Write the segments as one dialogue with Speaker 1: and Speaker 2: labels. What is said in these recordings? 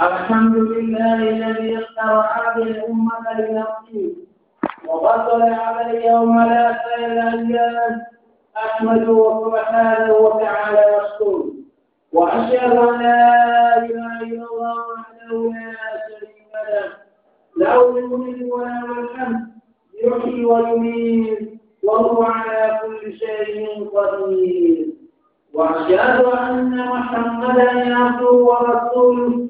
Speaker 1: الحمد لله الذي اختار هذه الأمة لنفسه وفضل على يوم لا سيل إلا أحمده سبحانه وتعالى مشكور وأشهد أن لا إله إلا الله وحده لا شريك له له الملك وله الحمد يحيي ويميت وهو على كل شيء قدير وأشهد أن محمدا عبده ورسوله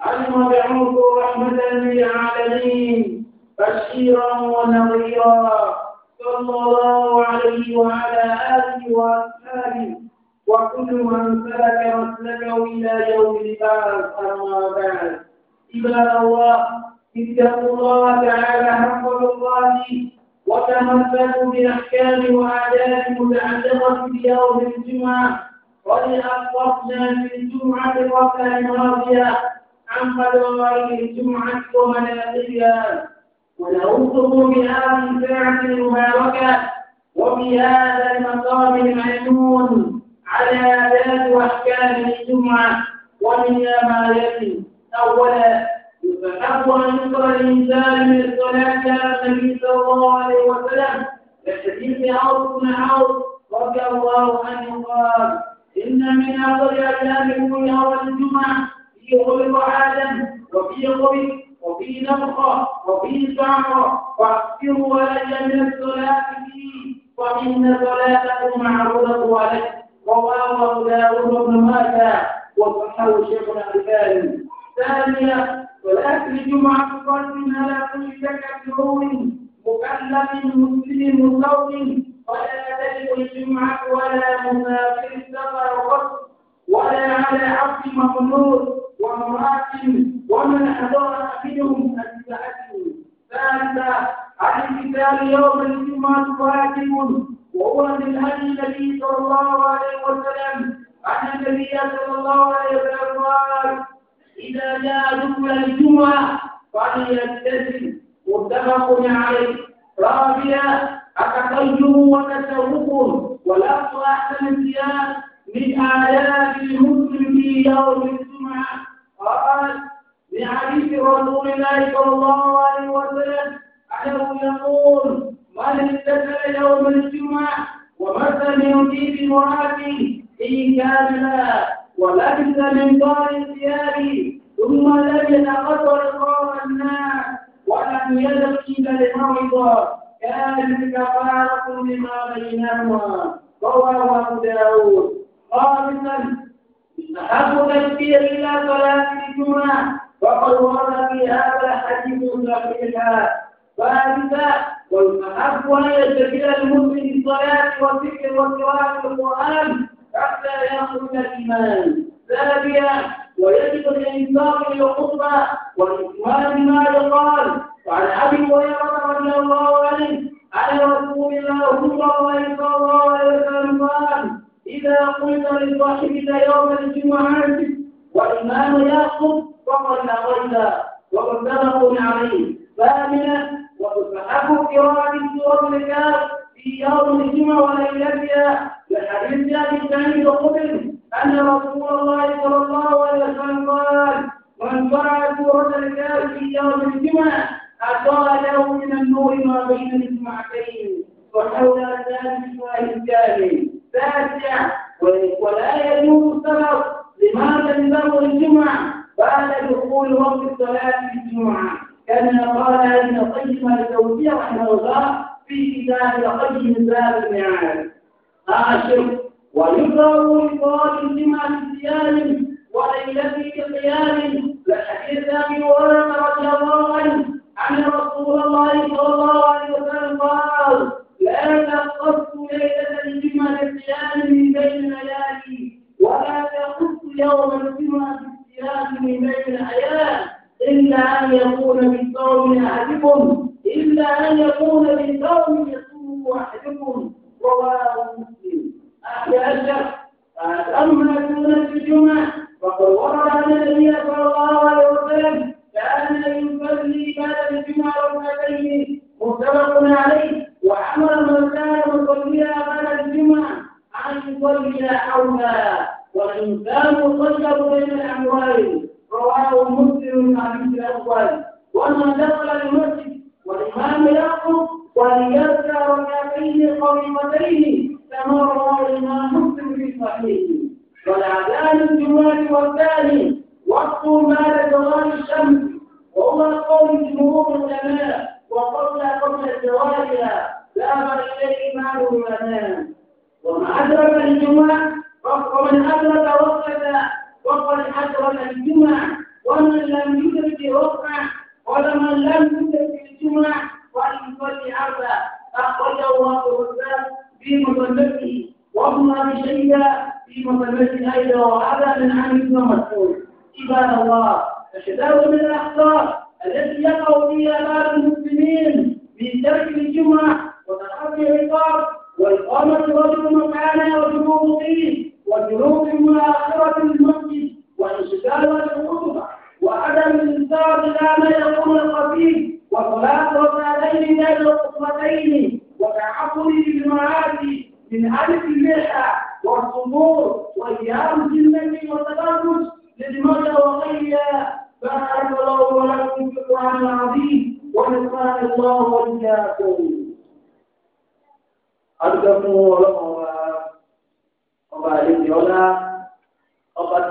Speaker 1: علم المبعوث رحمة للعالمين بشيرا ونظيرا صلى الله عليه وعلى آله وأصحابه وكل من سلك مسلكه إلى يوم البعث أما بعد عباد الله اتقوا الله تعالى حق الله وتمثلوا بأحكام وآداب متعلقة بيوم الجمعة قد أخبرنا في الجمعة قبل الماضية عن فضائل الجمعة ومناقبها ونعوذكم بهذه الساعة المباركة وفي هذا المقام المأمون على آداب وأحكام الجمعة ومنها ما يلي أولا فحق أن يقرأ الإنسان من الصلاة على النبي صلى الله عليه وسلم للحديث عوض بن عوض رضي الله عنه قال إن من أفضل أيامكم يوم الجمعة في غلب عالم وفي غلب وفي نفخة وفي صعقة فأكثروا علي من الصلاة فيه فإن صلاتكم معروضة عليكم رواه أبو داود بن ماجه وصححه شيخنا الألباني ثانيا والأكل جمعة فرد على كل شكل روح مكلف مسلم صوم ولا تجب الجمعة ولا مسافر السفر قط ولا على عبد ممنوع وامرأة ومن أدار منهم أجزأته ثالثا الاحتفال يوم الجمعة واجب وهو من هدي النبي صلى الله عليه وسلم عن النبي صلى الله عليه وسلم قال إذا جاء دخول الجمعة فليلتزم متفق عليه رابعا التقيم وتشوق ولفظ أحسن الثياب من آيات المسلم في يوم الجمعة قال لحديث رسول الله صلى الله عليه وسلم أنه يقول من اغتسل يوم الجمعة ومثل يجيب امرأته إن كان لا ولبس من دار ثيابي ثم لم يتقبل قام الناس ولم يزل إلى الموعظة كانت كفارة لما بينهما رواه أبو داود خامسا استحب تكبير إلى صلاة الجمعة وقد ورد في هذا حديث صحيحا ثالثا والمحب أن يتكل المسلم الصلاة والذكر وقراءة القرآن حتى يخرج الإيمان ثانيا ويجب الإنفاق للخطبة والإكمال بما يقال وعن أبي هريرة رضي الله عنه عن رسول الله صلى الله عليه وسلم قال إذا قلت لصاحبك يوم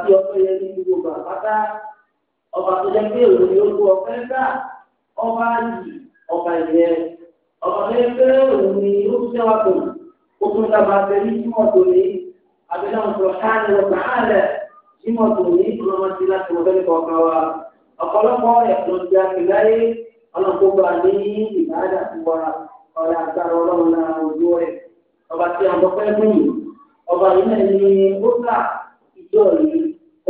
Speaker 1: kí ọkọ yẹn ní gbogbo àpáta ọba tó jẹ pé òun ni ó kó ọpẹ́ gbà ọba yìí ọba ìyẹ ọba tó jẹ pé òun ni ó ṣiṣẹ́ wa tó ó tún dábàá abẹ ní túmọ̀ tó ní abẹ́lẹ́ wọn sọ káàlẹ̀ wọn káàlẹ̀ túmọ̀ tó ní ìkọlọ́mọdé láti wọn fẹ́ẹ́ kọ̀ọ̀kan wa ọ̀pọ̀lọpọ̀ ẹ̀kọ́ ti àgbẹ̀láyé ọlọ́kọ̀ọ́gbà ní ìbáradà fún wa ọ̀rẹ́ agbára ọlọ́run náà ojú rẹ̀ ọba tí a gbọ́ pẹ́ fún ọba yìí náà ní ó gbà ìjọ yìí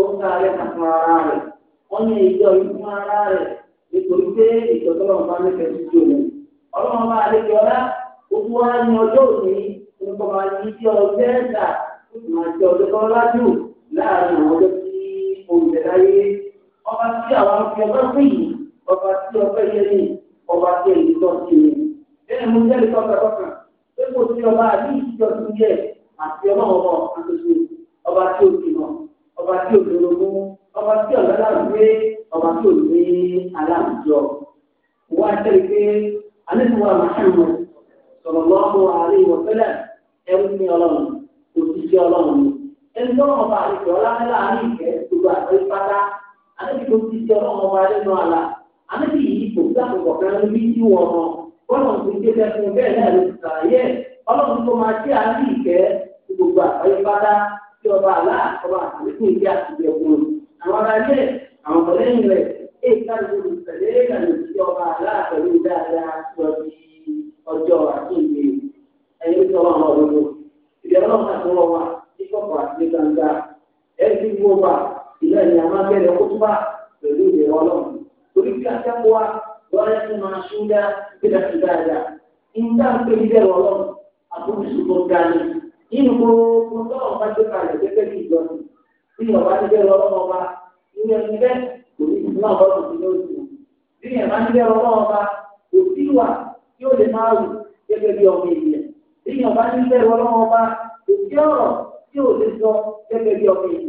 Speaker 1: ó ń sáré fún ara rẹ̀ wọ́n ní ìjọ yìí fún ara rẹ̀ nítorí pé ìjọsọ́nà bá ní fẹ́ sí tòun ọlọ́run bá àlejò ọlá gbogbo wa ní ọjọ́ òní nípa máa yí sí ọjọ́ ẹ̀dá máa jẹ ọjọ́ tó lájú láàrin àwọn ọjọ́ tí oúnjẹ láyé ọba tí àwọn afi ọba pè yìí ọba tí ọba yẹ ní ọba tí èyí tọ́ sí ni bẹ́ẹ̀ mo jẹ́ ìtọ́ kẹtọ́kà pé kò sí ọba àbí ìjọ tó yẹ àti ọlọ́run ọba àtúntò ọba tí ó ti mọ̀ ọba tí ò lórogún ọba tí ọ̀gá láwùjọ ọba tí ò ní aláwùjọ. wọ́n á tẹ́lẹ̀ pé alẹ́sùn wa màṣẹ́nu sọ̀rọ̀ lọ́wọ́ àárẹ̀ ìwọ̀fẹ́lẹ̀ ẹrú ní ọlọ́run òṣìṣẹ́ ọlọ́run ni. ẹni tó ọba àlejò ọlọ́run láàrin ìfẹ́ gbogbo àgbẹ̀ pátá alẹ́bí tó ti jẹ́ ọmọ ọba lẹ́nu àlà alẹ́bí yìí kò gbàgbọ́ kan ní bí wọ́n mọ̀ bọ́lá òkú jẹ́ fẹ́ẹ́ fún bẹ́ẹ̀ náà ló tí ọba àlá ọba àtàlẹ́kùn ìdí àtijọ́ ẹ̀kún àwọn ará ilé àwọn ọ̀lẹ́yìn rẹ̀ èyí káàdì olùtẹ̀lé ìlànà tí ọba àlá pẹ̀lú dáadáa sọ di ọjọ́ àtúndì ẹ̀yìn tó wà wọn lọ́wọ́ ìdíyẹ ọlọ́run àti wọn wà ní kọ̀kọ̀ àti gbangba ẹ̀sì gbogbo ìlànà ìyá máa bẹ̀rẹ̀ kótóbà pẹ̀lú ìdíyẹ rẹ̀ gẹ́gẹ́ bí ìjọsìn bí ọba ti bẹ̀rẹ̀ ọlọ́wọ́ ọba ilé ẹni bẹ́ẹ̀ kò ní ìlú náà lọ́dún sí lóṣù bí ẹ̀ma ti bẹ̀rẹ̀ ọlọ́wọ́ ọba kò sí wà tí ó lè máa rù gẹ́gẹ́ bí ọmọ ènìyàn bí ọba ti bẹ̀rẹ̀ ọlọ́wọ́ ọba kò sí ọ̀rọ̀ tí ò lè sọ gẹ́gẹ́ bí ọmọ ènìyàn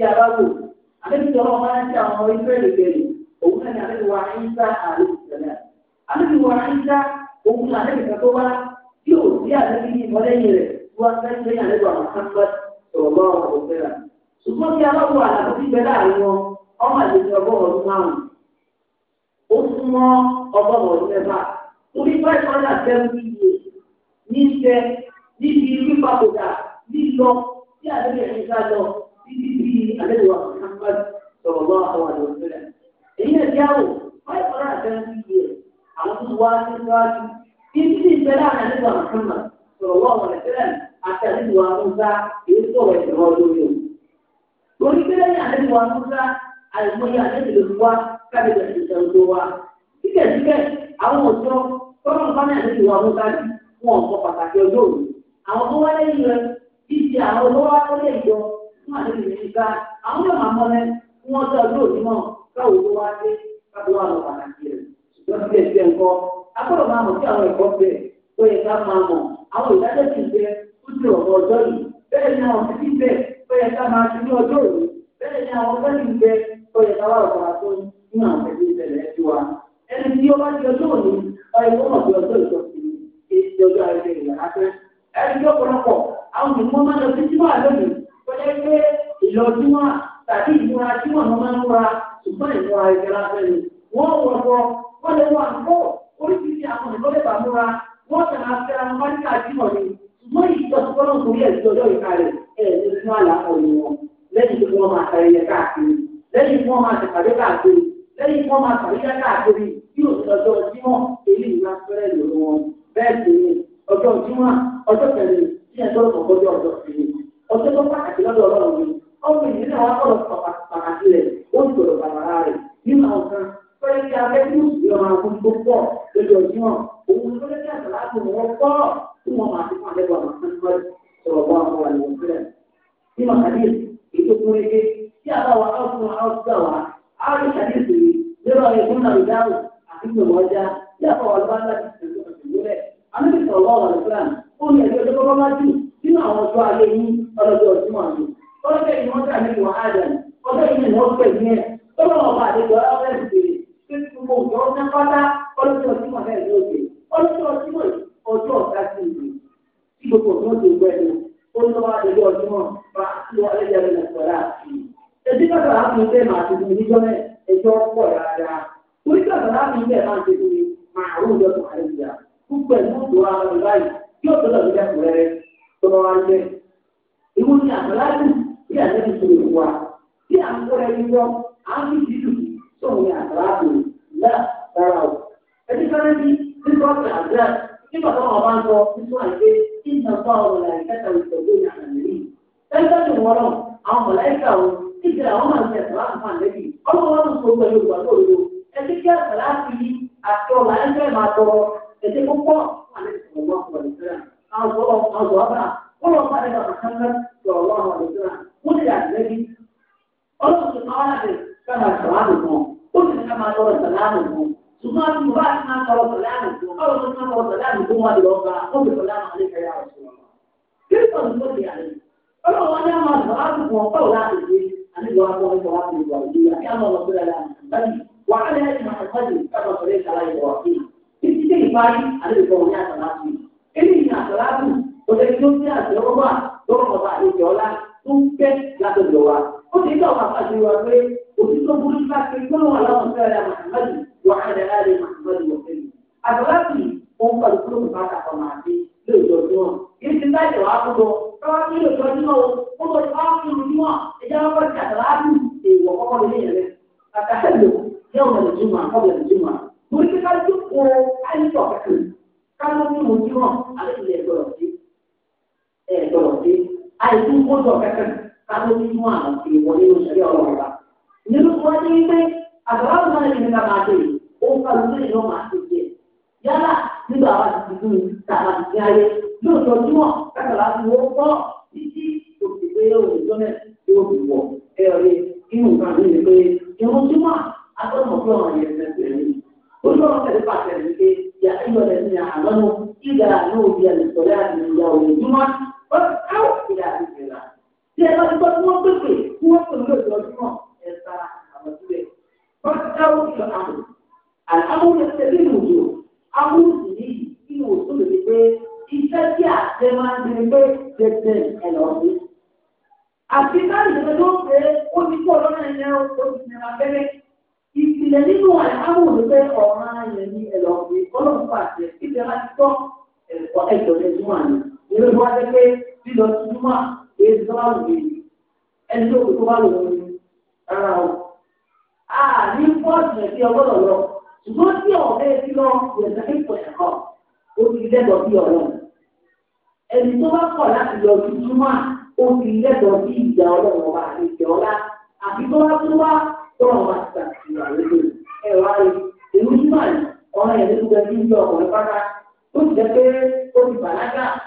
Speaker 1: tí a bá wò àlejò ọmọ máa ń ṣe àwọn ọmọ ìfẹ́ lẹ́gbẹ̀rẹ̀ òun náà ni àlejò wa ń sá àlejò tẹ̀lé àlejò wa ń sá òun náà àlejò kan tó wá tí ò sí àlejò yìí mọ́lẹ́yìn rẹ̀ tí wọ́n fẹ́ ṣe àlejò àwọn kánpẹ́ ọ̀gbọ́n ọ̀gbẹ́ra ṣùgbọ́n tí a bá wò àlàbò tí bẹ́ẹ̀ láàrin ọmọ àlejò ọgọ́rùn ọdún márùn ń àlejò wa Muhammad sọ̀rọ̀ lọ́wọ́ àwọn àlejò sílẹ̀. èyí náà jáwò wáyé kọ́lá àtẹ́ńtì akwụkwọ àwọn tó wá sí síwájú akwụkwọ wa Muhammad sọ̀rọ̀ lọ́wọ́ àwọn àlejò sílẹ̀ àti Musa fún àlejò yìí ká àwọn yóò máa mọ́lẹ́ kí wọ́n tọ́ ọdún òjúmọ́ káwọ́ tó wá dé káwọ́ wà lọ pàtàkì rẹ̀ ṣùgbọ́n bí ẹ̀sìn ẹ̀kọ́ agbọ́dọ̀ máa mọ̀ sí àwọn ẹ̀kọ́ bẹ̀ ó yẹ ká máa mọ̀ àwọn ìdájọ́ ti jẹ ó ni àwọn ti bẹ̀ ó yẹ ká máa ti ni àwọn fẹ́ẹ́ ti jẹ ó yẹ ká wà lọ́wọ́ àtó nínú àwọn ẹ̀dí ìṣẹ̀lẹ̀ ẹ̀dí wa ẹni tí ó bá ti ọjọ́ òní ọyẹ kó mọ̀ sí ọjọ́ ìjọsìn èyí fẹ́ ẹni tí ọ̀pọ̀lọpọ̀ àwọn ìmọ̀ máa lọ sí símọ́ àlọ́ yìí jẹ́ pé ìlọ́júmọ́ tàbí ìmúra tí wọ́n máa ń múra ṣùgbọ́n ìmúra ìjọra pẹ̀lú. Wọ́n wọ̀ bọ, wọ́n lè wà ńkọ́ oríṣiríṣi àwọn ìkọ́ lè bà múra, wọ́n tàn án fẹ́ra wọn bá ní káàdìmọ̀ ni. Ṣùgbọ́n ìjọsìn kọ́nà kò rí ẹ̀sìn ọjọ́ ìkàlẹ̀ ẹ̀ ní fún àlàkọ̀ ni wọn. Lẹ́yìn tí wọ́n máa tẹ̀lé káàkiri, lẹ́yìn tí wọ́n máa tẹ̀kàdé káàkiri, lẹ́yìn tí wọ́n máa tàríyá káàkiri tí yóò sọ ọjọ́ jímọ̀ èyí ìlà fẹ́rẹ̀ lòun wọn. Bẹ́ẹ̀ sì ni ọjọ́ jímọ̀ ọjọ́ kẹrin tí ẹjọ́ ìmọ̀kọ́jọ́ ọjọ́ kẹrin ọjọ́ tó pàtàkì lọ́dọ̀ ọlọ́run ni ọmọ ìdí náà wà kọ́ pàtàkì rẹ̀ ó ti gbọdọ̀ bàbára rẹ̀ nínú àwọn kan fẹ́rẹ́ kí abẹ́kú ìrọ̀rùn àwọn tó pọ̀ lójú ọjọ́ òun ló fẹ́rẹ́ kí àtàlà tó wọ́n pọ̀ tí wọ́n máa fi fún àlẹ́ bọ̀ sọ̀rọ̀ bọ́ àwọn ọ̀rọ̀ ìwọ̀n sílẹ̀. nínú àdé ètò fún eke tí àbáwá ọ̀sùn ọ̀sùn àwà àárí àdéhùn yìí lérò ẹ̀kún náà ìdáhùn àti ìgbìmọ̀ ọjà tí àbáwá lọ́wọ́ láti ṣètò ìṣèlú rẹ̀. àmì ìsọ̀rọ̀ ọ̀rọ̀ ìfúlàní ó ní ẹ̀jọ́ tó kọ́kọ́ bá jù nínú àwọn ọjọ́ alẹ́ yìí ọlọ́jọ́ ọdún àná ọlọ́jọ́ yìí wọ́n tàbí wọ́n àjà ọjọ́ yìí ni wọ́n pè ní ẹ̀ ọlọ́run ọba àdéjọ ọlọ́fẹ́ ti ṣe gbogbo òjò ọ̀nà pátá ọlọ́jọ́ ọdún àná ẹ̀ lóde ọlọ́jọ́ ọdún ọjọ́ ọ̀gá sí ìlú tí gbogbo òjò ti gbẹ ní olùwà àdéjọ ọdún ọba tí wọ́n lé jẹ́rìí lọ sọ̀rọ̀ àti ẹbí bàbá àfihàn bẹ́ẹ̀ máa ti dùn níjọ́ mẹ́ ẹjọ́ pọ̀ dáadáa orí bàbá àfihàn bẹ́ẹ̀ máa ti dùn ní màrún lọ́sùn àìsíà gbogbo ẹ̀ mú ìdúrà lọ́dún báyìí yóò tó lọ́dún dẹ́kun rẹ̀ tó jẹ́ èwo ni àgbàlájú bí àlejò tó lè wá bí à ń kóra ẹni wọ à ń fi dídùn sóhun ní àgbàlájú là rárá o. ẹni sáré bí nípa ọ̀sẹ̀ àgbà nígbà tó wọn bá ń sọ nípa àìpé kí nǹkan bá ọ̀rọ̀ là ìkẹta ìṣòro ní àgbàlẹ́ yìí. ẹgbẹ́ tó wọ́n lọ àwọn mọ̀láìkà o níbi àwọn máa ń tẹ̀ sọ́lá fún àlẹ́bí ọlọ́wọ́ ló sọ ọlọ́run bá dẹ́gbà mọ̀kánlá sọ̀rọ̀ wà wà lójú náà wọ́n ti dàbí lẹ́bí ọlọ́run tó máa wà lè ká máa sàlámù mọ́ ó sì ká máa lọ́rọ̀ sàlámù mọ́ ṣùgbọ́n àti bàbá àti máa sọ̀rọ̀ sàlámù mọ́ ọlọ́run tó máa lọ́rọ̀ sàlámù mọ́ wà lọ́ọ́ bá ó fi sàlámù alẹ́ kẹyà ọ̀ṣun wọn. kí ló sọ̀rọ̀ ló ti yàrá ọlọ́run wọn ní àwọn sàlámù mọ́ báwo láti ṣe àníwọ̀ àpọ̀ nípa láti ìwà ìdíyà kí àwọn ọ̀rọ̀ òṣèlú tó ń bí àtẹwọ́ wà lọ́wọ́ ọba àlejò ọlá tó ń fẹ́ látọ̀dọ̀ wa. ó ti dá ọba àti wa pé òṣìṣẹ́ burú bá gbọ́dọ̀ wà láwọn fẹ́rẹ́ mahamadu wà á dẹ̀ láàrin mahamadu wọ̀ fẹ́mi. àgbàlagbì òun pàlú kúrò bá kàkọ́ máa dé lóòjọ́ tí wọ́n. ti bá ìjọba àkókò káwá sí lóòjọ́ tí wọ́n ó lọ sí kí ẹ̀ gbọ́dọ̀ sí àìsí gbọ́dọ̀ kẹ́kẹ́ káwé nínú àwọn tí wọ́n nínú ìṣẹ̀lẹ̀ ọlọ́run bá. nínú tí wọ́n ní pé àgbàlá tó máa ń yẹn ká máa tẹ̀lé òun kàlù tó yẹn lọ́ máa ṣe jẹ. yálà nígbà wa ti dùn tàbá ti ayé lóòótọ́ tí wọ́n kàkàlà ti wọ́n kọ́ títí òṣèlú òṣèlú náà yóò fi wọ̀ ẹ̀rẹ́ inú nǹkan mi ni pé ìrún tí wọ́n agbọ́dọ̀ fún ọ̀rọ̀ yẹn fẹ́ẹ́ olùkọ́ tẹ̀lé pàṣẹ ní pé yàtí ìyọ̀lẹ̀ ní àlọ́nù ìgbà náà di àlùfọ́lẹ́ àti ìyàwó ìdúmọ̀ wọ́n ti ká òkè àgbègbè rà. Bí ẹ bá ti gbọ́ tí wọ́n pèpè tí wọ́n pè lóòjọ́ ọdún náà ẹ bá àwọn ìbílẹ̀. Wọ́n ti ká òkè àmì. Àlámúlò ṣe bí ìwòjò. Amúlò sì ní ìwò tó lè pé iṣẹ́ tí àṣẹ máa ń di pé tètè ẹ̀ lọ sí. Àti báyìí ṣe ló pé ó ti kó ọlọ́run ẹ̀yẹ ó ti nira bẹ́rẹ̀. Ìpìlẹ̀ nínú àlámúlò pé ọ̀ràn ayẹ̀ ni ẹ̀lọ́ọ̀gbìn kọ́lọ́ nínú ìwà jẹ́ pé lílọ túmọ̀ èyí tó bá wù yìí ẹni tó kù tó bá wù yìí rárá o. a ní pọ́ọ̀tù rẹ̀ sí ọgọ́dọ̀ lọ ṣùgbọ́n tí ọ̀rẹ́ ti lọ yẹ̀sẹ̀ kíkọ̀ ẹ̀kọ́ ó ti lẹ́dọ̀ bí ọ̀rọ̀ ẹni tó bá kọ̀ láti lọ sí túmọ̀ ó ti lẹ́dọ̀ bí ìjà ọlọ́run ọba àti ìjà ọlá àfi tó bá tún wá tọ́lọ̀ bá ti tàbí àlejò ẹ̀rọ ayé èmi túmọ̀ ọ̀rọ̀ yẹn ló ti gbẹ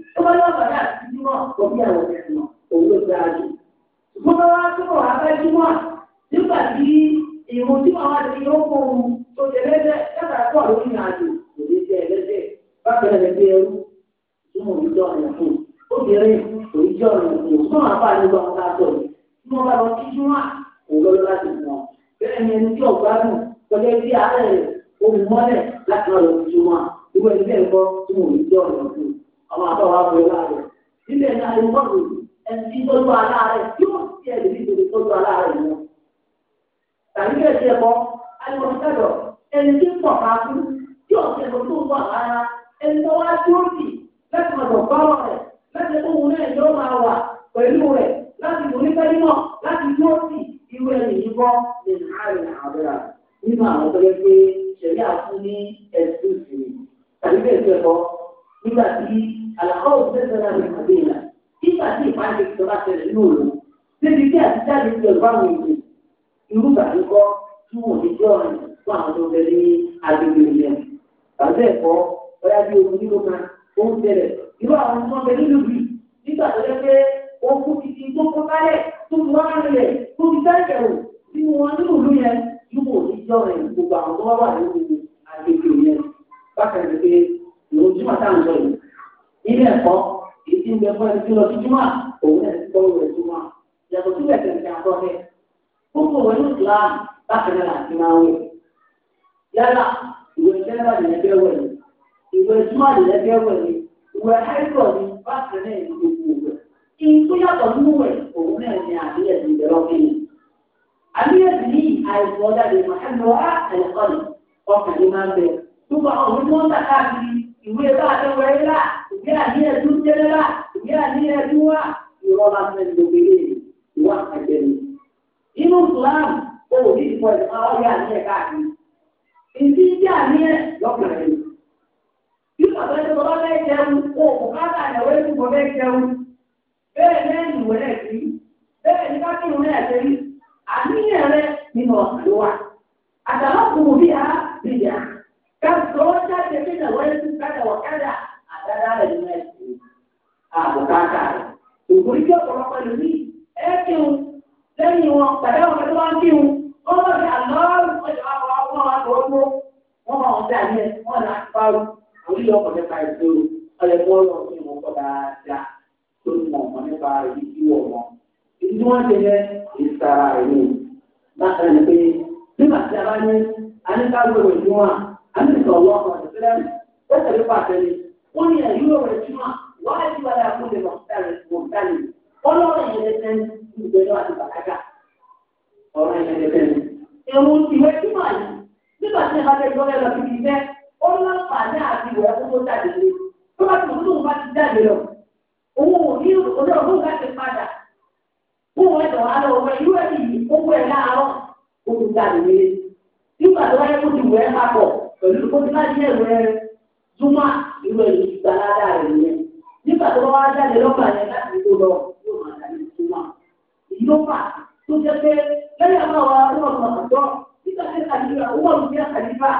Speaker 1: tó bá bàdá àti júmọ̀ kò àwọn ẹ̀sìn òun ló Ṣùgbọ́n bá wá tó wà bá júmọ̀ nígbà tí ìrùn tí màá wá ti ohun tó jẹ lẹ́sẹ̀ lẹ́sà tó àwọn ìrìn àjò kò ní jẹ lẹ́sẹ̀ bákan rẹ̀ bí ẹrú ìtumọ̀ ìjọ ọ̀rẹ́ fún obìnrin kò ní jẹ ọ̀rẹ́ fún ṣùgbọ́n àbá nígbà wọn ká sọ̀rọ̀ tí wọ́n bá lọ sí júmọ̀ kò lọ́lọ́ láti mọ̀ bẹ́ẹ̀ ni ẹni tí ọ̀gbádùn kọjá bí àárẹ̀ rẹ̀ ó mọ́lẹ̀ láti lọ́ọ́ lọ sí júmọ̀ ìwé ẹni bẹ́ẹ̀ kọ́ tí mo ọ̀rẹ́ fún àwọn àtọwà bọ ẹ láàrẹ nílẹ náà ẹ wọlé ẹtì tọ́jú aláàrẹ yóò ti ẹ lèmi lèmi tọ́jú aláàrẹ tàbí kí ẹ ti ẹ bọ ẹni tí pọ̀ ká kú yóò ti ẹ tó wà rárá ẹni tó wá tó rì lẹ́sìn ọ̀dọ̀ báwọ̀ rẹ̀ lẹ́sìn tó wù náà yóò máa wà pẹ̀lú rẹ̀ láti nígbà tí àlùkò tẹsán àmì àbẹlà nígbà tí ìpàdé ìjọba tẹ́lẹ̀ ní òòlù débi tí àtijáde ti ọgbà wọn ìlú irú gbàdúgbọ tí wọn ò ní jẹ ọ̀rìn fún àwọn tó bẹ ní agbègbè ilẹ̀ bàbá ẹ̀kọ́ ọyá bí omi nínú kan ó ń tẹ́lẹ̀ irú àwọn tó bẹ nínú bì nígbà tó lẹ pé wọn kú títí tó kọ kálẹ̀ tó fi wá rìnlẹ̀ tó fi sẹkẹ tí wọn nínú ìlú yẹn ilé ẹ̀kọ́ èyí ń bẹ fún ẹni tí lọ sí júmọ́ òun ẹni tó wọ ìjúmọ́ yàtọ̀ síbẹ̀ kẹ̀kẹ́ àtọ́ rẹ̀ gbogbo wọn ní islam bákan náà àti máa wẹ̀ yálà ìwé sẹ́lẹ̀bà lè lẹ́gbẹ́ wẹ̀ ni ìwé júmọ́ lè lẹ́gbẹ́ wẹ̀ ni ìwé àìsàn ni bákan náà ní gbogbo wẹ̀ ìtú yàtọ̀ nínú wẹ̀ òun náà ní àbíyẹ̀ ti bẹ̀rẹ̀ ọ̀gbìn àbíyẹ̀ ní àìsàn yana niyyar duk jalala yana niyyar duwa ìrọ̀lá fẹ́ ló gbélé ìwà àgbẹ̀ mi. inú Islam ó wò ní ìfọ̀ ìfọ̀ ọ̀rẹ́ àníyẹ káàkiri. ìdí jẹ́ àníyẹ lọ́kùnrin mi. bí bàbá ẹni bàbá bẹ́ẹ̀ jẹun kó kò káàkiri àyẹ̀wò ẹni bàbá bẹ́ẹ̀ jẹun. bẹ́ẹ̀ lẹ́yìn ìwé náà sí bẹ́ẹ̀ ní kákìrù náà ṣe rí àníyẹ rẹ nínú ọ̀sán wa. àtàlọ́kùnrin dáadáa rẹ̀ nínú ẹ̀sìn àbùkátà rẹ̀. Ògùn ní kí ọ̀pọ̀lọpọ̀ ìlú ní ẹ kí n lẹ́yìn wọn pàdé àwọn ọ̀pẹ̀lú wọn kí n wọ́n lọ sí àlọ́ ọ̀jọ̀ àwọn ọmọ wọn tó ń bọ̀ wọ́n máa ń dàbí ẹ̀ wọ́n là ń parú orí ọkọ̀ nípa ìṣòro ọ̀yẹ̀ tó ń lọ sí wọn kọ́ dáadáa tó ń mọ̀ ọ̀mọ̀ nípa ìdíwọ̀ wọn. Ìdí wọn ti yẹ ìsara ìlú láti ẹni pé nígbà tí a bá ní aníkàwé òṣùwọ̀n àmì ìsọ̀lọ́ ọ̀sẹ̀ wọ́n ní àyúrò rẹ̀ tí wọ́n wá sí wàdà àkúndé mọ̀tálì ọlọ́run ìyẹnẹsẹ̀ ìgbẹ́lọ́ àti bàtàkà ọ̀rọ̀ ìyẹnẹsẹ̀ ni. ẹ̀wọ̀n ìwé tí mà ní nígbà tí ìbájẹ́ ìgbọ́lẹ̀ lọ sí ìfẹ́ ó láǹfààní àti ìwé àkókò jáde lé tó bá ti mú tóun bá ti jáde lọ òun ò ní ọjọ́ òun bá ti padà fún òun ẹ̀dọ̀ wà lọ́wọ́ ẹ̀ irú ẹ̀mí yìí owó ẹ̀ láàárọ̀ ó ti jáde lé nígbà tó wáyé kó ti wẹ̀ papọ̀ pẹ̀lú kó ti má túmọ̀ ìwé ìgbàládà rẹ̀ yẹn
Speaker 2: nígbà tó wá jáde lọ́gbà yẹn
Speaker 1: láti tó lọ yóò máa dà ní túmọ̀ ìyókà tó jẹ́ pé lẹ́yìn àwọn àwọn àwọn ọmọ àtọ́ nígbà tí kàlífà owó òbí ẹ̀ kàlífà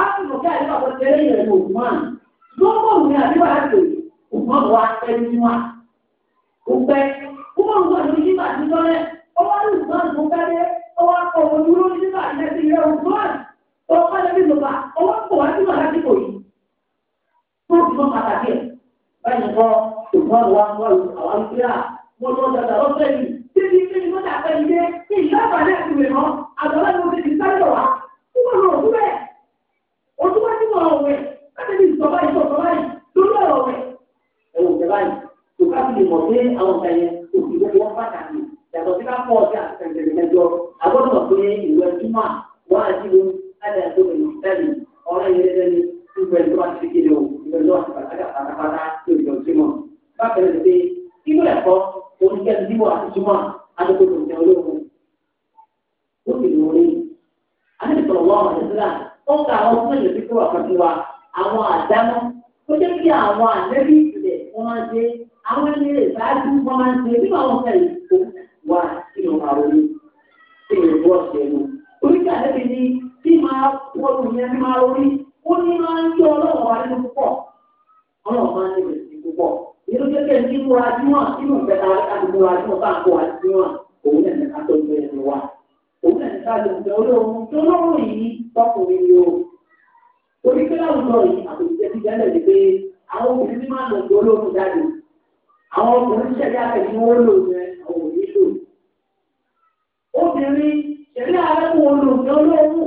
Speaker 1: á sì mọ̀ kí àlífà kọ́ tẹ́lẹ̀ yẹn ní òkúmọ̀ lọ́wọ́ òun ni àlífà á pè òkúmọ̀ wa pẹ́ ní wa kò pẹ́ kúmọ̀ òun wà ní nígbà tí lọ́lẹ̀ ọwọ́ ní òkúmọ̀ tó kálẹ̀ ọwọ́ akọ̀ òun dúró nígbà tí tó ti mọ pàtàkì ẹ̀ báyìí nìkan ṣùgbọ́n àwọn àwọn àwọn ìgbéra wọn lọ dàgbà lọ́sẹ̀ yìí títí tí ni wọ́n ti àpẹ́ ilé ní ìlú àbálẹ̀ àti ìwé mọ́ àgbàlá ni wọ́n ti ti sáré wá tí wọ́n lọ òkú bẹ́ẹ̀ òtún wá nínú ọ̀rọ̀ wẹ̀ láti ní ìsọ̀bá ìsọ̀bá yìí lórí ọ̀rọ̀ wẹ̀ ẹ̀wọ̀n ìjọba yìí kò ká fi lè mọ̀ pé àwọn ọ̀gá yẹn kò fi gbogbo wọn pàtàkì yàtọ̀ sí ká pọ̀ ọ̀gá àtẹ̀lẹ̀ mẹ́jọ agbọ́dọ̀ mọ̀ pé ìwẹ̀ júmọ̀ wọ́n á ti lu alẹ́ àti òmìnir pẹ̀lú àgbàlagbà pátápátá lórí ìjọsímọ̀. Bákan náà ti pé inú ẹ̀kọ́ oníkẹ́ni díwọ̀ àti túmọ̀ adókòtò ìjẹun ológun. Ó sì lò ní. Àlejò sọ̀rọ̀ wọ́n àwọn ìṣẹ́lá. Ó ń ka àwọn ọmọ ìlú tó wà pàtó wa àwọn àdámọ́. Ó jẹ́ kí àwọn àlẹ́bí ìpìlẹ̀ wọ́n máa ṣe àwọn ẹni rẹ̀ ṣáájú wọ́n máa ṣe nígbà wọn fẹ́ ìkó wa kí ló máa wọlé. Ṣé ìrìnbó ọ̀sẹ̀ nu? Oríṣi àlẹ́bí ni bí máa wọ́n ọlọ́run máa ń ní ìrètí púpọ̀ nínú kékeré ní kíkó wa nínú ìfẹ́ta àdúgbò wa jímọ̀ bá ń kó wa jímọ̀ òun náà nìkan tó ń gbé ẹni wa òun náà nìkan tó ń gbé olóhùn tó lóhùn yìí tọkùnrin ni o torí pé láwùjọ yìí àtòjìṣẹ́ ti gbẹ́lẹ̀ ni pé àwọn obìnrin ti máa ń lọ sí olóhùn jáde àwọn ọkùnrin ṣẹ̀dá àtẹ̀lé wọn lò ní àwọn òní obìnrin ṣẹ̀dá àtẹ̀lé wọn lò olóhùn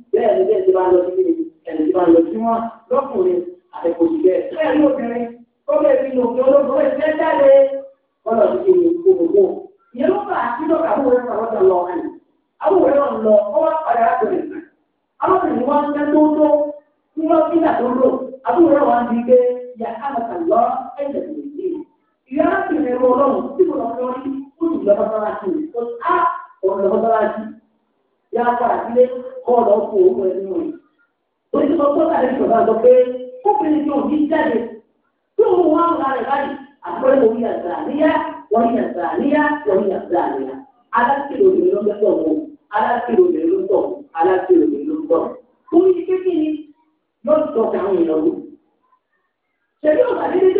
Speaker 1: bẹ́ẹ̀ ni bẹ́ẹ̀ ti bá lọ sí ẹni tí bá lọ sí wọn lọ́kùnrin àtẹ̀kọ̀sí bẹ́ẹ̀. bẹ́ẹ̀ ni obìnrin kọ́lẹ̀ mi lò fún olóògùn rẹ̀ fẹ́ jáde kọ́lọ̀ ti fi gbogbo. ìyẹn ló fà á sí lọ́kà àbúrò rẹ̀ pàrọ̀ lọ àná àbúrò rẹ̀ lọ ọ wá padà á tẹ̀lé náà. àwọn ènìyàn wá ń fẹ́ tó tó kí wọ́n fi yá padà sílé kọ́ ọ̀dọ̀ kó owó ẹni wọ̀nyí. Orí tí wọ́n tọ́ka ẹni sọ̀rọ̀ àgbọ̀ pé kófìrí tó ní jáde tó ń wá ń ra rẹ̀ báyìí àpẹẹrẹ wọ́n yà zà níyà wọ́n yà zà níyà wọ́n yà zà níyà. Alákìlò mi ló ń tọ̀ wọ́n alákìlò mi ló ń tọ̀ alákìlò mi ló ń tọ̀. Orí kékeré ló ń tọ́ka àwọn èèyàn wò. Ṣèlú ọ̀gá dídí tó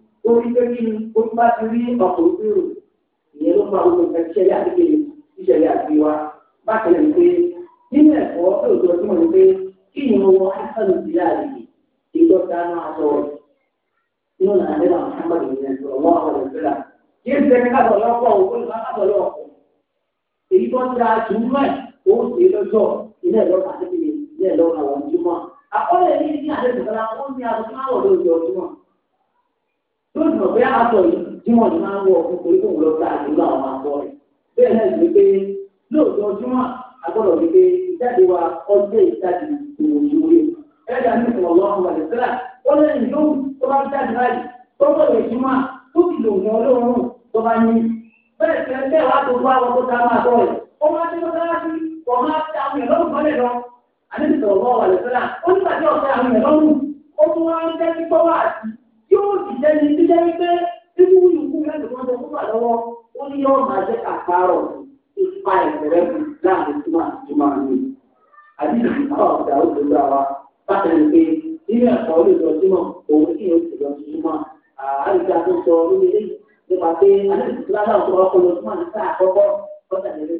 Speaker 1: orí pé kí ni ó bá ti rí ọkọ̀ ojú rò ìyẹn ló fa gbogbo nǹkan tíṣẹ̀lẹ̀ àdékèlè tíṣẹ̀lẹ̀ àti wa bákan náà pé nínú ẹ̀kọ́ lóòótọ́ tí mo rí pé kí ni wọn aṣáájú ti láàrin ìjọ dáná aṣọ rẹ̀ nínú náà nígbà Muhammadu ìyẹn tó wọ́n àwọn ìfẹ́lá yé ń sẹ́ni káàtọ̀ lọ́pọ̀ òkú ìfẹ́ káàtọ̀ lọ́pọ̀ èyí tó ń da jùmọ̀ ẹ̀ ó ń ṣe lọ́jọ́ ilé ẹ̀rọ àdékèlè ilé ẹ̀rọ àwọn jùmọ̀ àkọọ́lẹ̀ yìí ní àdékèlè yóò dùn pé aṣọ yìí jímọ̀ ni máa ń wọ ọkùnrin torí kòun lọ gba àdúrà àwọn àgbọ̀ rẹ̀ bẹ́ẹ̀ náà ìwé pé lóòótọ́ jímọ̀ agbọ́dọ̀ wí pé ìjáde wa ọjọ́ ìjáde òòjúwe ẹ̀dá ní ìwọ̀n lọ́wọ́ wà lẹ́sẹ̀lá ó lẹ́yìn yóò tó bá jáde láyé tọ́wọ́ rẹ̀ jímọ̀ tó ti lò wọ́n lóorùn tó bá ní bẹ́ẹ̀ tẹ́ bẹ́ẹ̀ wá tó bá wọn tó ta máa bọ̀ rẹ̀ ó máa dé lọ́sàájú wọ́n máa ta àwọn èèyàn lọ́rùn mọ́lẹ̀ lọ àní ìwọ̀n lọ́wọ́ wà lẹ́sẹ̀lá ó nígbà tí ọ̀sẹ̀ àwọn èèyàn lọ́rùn ó tún wá ń tẹ́tí tọ́wọ́ àti yóò sì jẹ́ ní jẹ́ pé nínú ìlú mẹ́rin wọ́n jẹ fún àlọ́wọ́ ó ní yóò máa jẹ́ kàkárọ̀ ipa ìbẹ̀rẹ̀ láàrin túmọ̀ túmọ̀ ní. àdìsí náà ọ̀dà ó ti gbà wá bákan pé nínú ẹ̀kọ́ lè lọ símọ̀ òun kì í sì lọ sí túmọ̀ àríkà tó sọ lórí ilé nípa pé àdìsí lára ọ̀tọ̀ ọkọ̀ lọ túmọ̀ ní sáà àkọ́kọ́ ọ̀dà ẹ̀rẹ́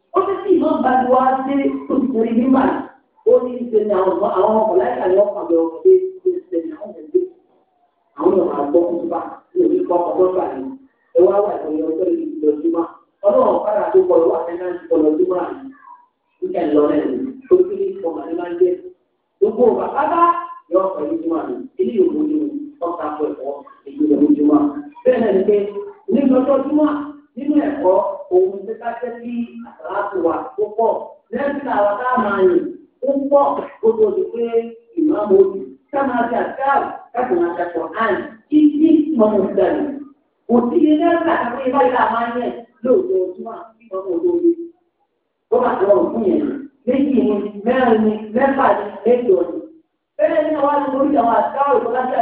Speaker 1: ó ti sì mọ́ gbàgbé wá sí orí nígbà ó ní ìṣe ní àwọn ọmọ àwọn ọmọ láìka ní ọkàn bẹ̀rẹ̀ ọ̀pọ̀ pé ó ti ṣe ní àwọn ọmọ ẹgbẹ́ àwọn ọmọ àgbọ̀ kútu bá ní òbí kọ́ ọmọ gbà ní ẹ wá wà ìròyìn ọjọ́ ìlọjúmọ́ ọlọ́run kára tó kọ lọ́wọ́ àti náà ti kọ lọ́júmọ́ àná níkẹ́ lọ rẹ̀ tó kí ọmọ ní máa ń jẹ́ gbogbo bàbá bá yọ ọkọ̀ ìjùmọ̀ nínú ẹ̀kọ́ òun ti ká jẹ́ kí àtàlátì wà tó pọ̀ lẹ́yìn àwọn táwọn àyìn pọ̀ kó tó di pé ìmáàmù òbí ká máa fi àtàlù káàkiri máa ṣàtọ̀ àn kí kí mọ̀mọ́ ìdàlù kò sí ilé ẹ̀ka àti ilé ìbáyìí là máa ń yẹ lóòótọ́ ojúmọ́ kí mọ̀mọ́ olóore ó máa tọrọ fún yẹn méjì ni mẹ́rin ni mẹ́fà ni mẹ́jọ ni bẹ́ẹ̀ ni àwọn àti orí àwọn àtàlù ìfọláṣẹ́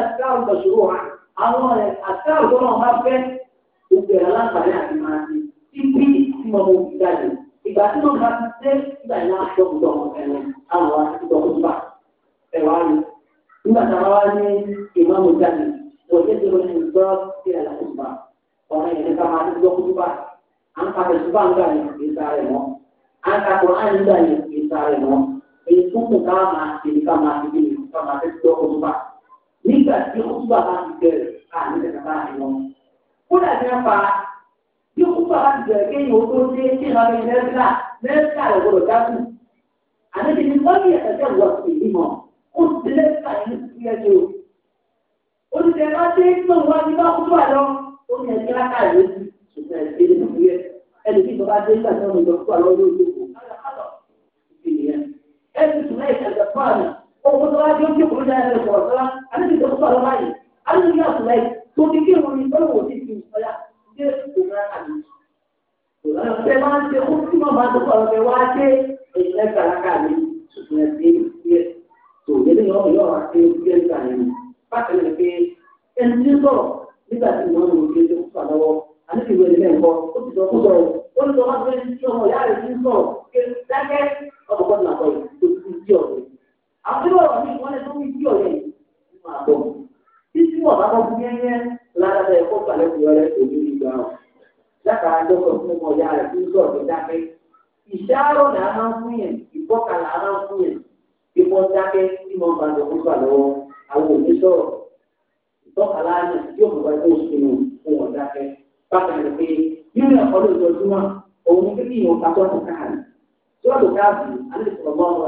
Speaker 1: àtàlù tó náà gbogbo ẹ̀ aláǹfààní àti máa ṣe títí tí mo mú fi jáde. Ìgbà tí mo bá ti dé ìgbà yẹn wá sọ gbogbo ọmọ ẹ̀rọ àwọn wa ti dọ̀kọ̀ tó bá ẹ̀ wá rí. Nígbà tí a wá ní ìmáàmù jáde, wọ́n jẹ́ tó ní gbọ́ sí ẹ̀ láti bá ọ̀rẹ́ yẹn ká máa ti dọ̀kọ̀ tó bá. À ń ka bẹ̀sùn bá ń gbà yẹn kì í mọ́. À ń ka kọ̀ ń gbà yẹn kì í mọ́. Èyí tó kù ká máa ṣe ká máa ṣe kí ni máa ṣe dọ̀kọ̀ tó bá. Nígbà tí ó túbà bá ti bẹ̀rẹ̀ kódà ní apá bí kúkú àwọn ti bẹ̀rẹ̀ kéèyàn ó tó dé kí n máa fi mẹ́ríkà mẹ́ríkà rẹ̀ gbọdọ̀ dákú. àdébí ni wọ́n ní ẹ̀sẹ̀ wọ̀ sí ìmọ̀ ó ti lẹ́sà ní ìpínlẹ̀ tó. olùdẹ bá dé tó wá ní bá kú tó wà lọ ó ní ẹ̀sẹ̀ láká rẹ̀ lójú ṣùgbọ́n ẹ̀sẹ̀ nínú ìwé ẹni tí ìjọba dé nígbà tí wọ́n lọ kú àlọ́ lójú tó ní kí ìròyìn bẹ́ẹ̀ wò ní ti ìfọyà dé ìrora àná. Ìrora ṣe máa ń ṣe ó tí bá tó kọ̀ ọ̀rẹ́ wá dé èyí lẹ́gbàá lákà ní ṣùgbọ́n ẹgbẹ́ Tò nílé yọ̀ yọ̀ wá sí díẹ̀ nígbà yẹn. Bákan náà pé ẹni tí ń sọ̀rọ̀ nígbà tí wọ́n rò pé ó fà lọ́wọ́ àníbi ìwé ilé ẹ̀kọ́ ó ti sọ fún sọ̀rọ̀ ó ní sọ́wọ́n fẹ́ tí ọmọ ìyá rẹ̀ ti ń sọ̀rọ̀ pé dákẹ́ ọmọ gbọ́dọ̀ nàkọ́ Àbúrò ọ̀rọ̀ mi wọ́n lè títí wọn bá bá gbé yẹn lára rẹ kó balẹ̀ kú rẹ òní ìgbà wọn dákàá dọ́kọ̀ fún ọmọ ìyá rẹ fún sọ̀rọ̀ dákẹ́ ìṣàárọ̀ là á máa ń fún yẹn ìfọ́ka là á máa ń fún yẹn bí dákẹ́ tí wọ́n bá dọ̀ fún balọ̀ àwọn òní sọ̀rọ̀ ìfọ́ka là yóò mọ̀ báyìí kó sinmi fún wọn dákẹ́ bákan rẹ pé yóò yàn ọdún ìjọjúmọ́ òun ní kí ìyọ̀ kakọ́ tó káàdì tó wà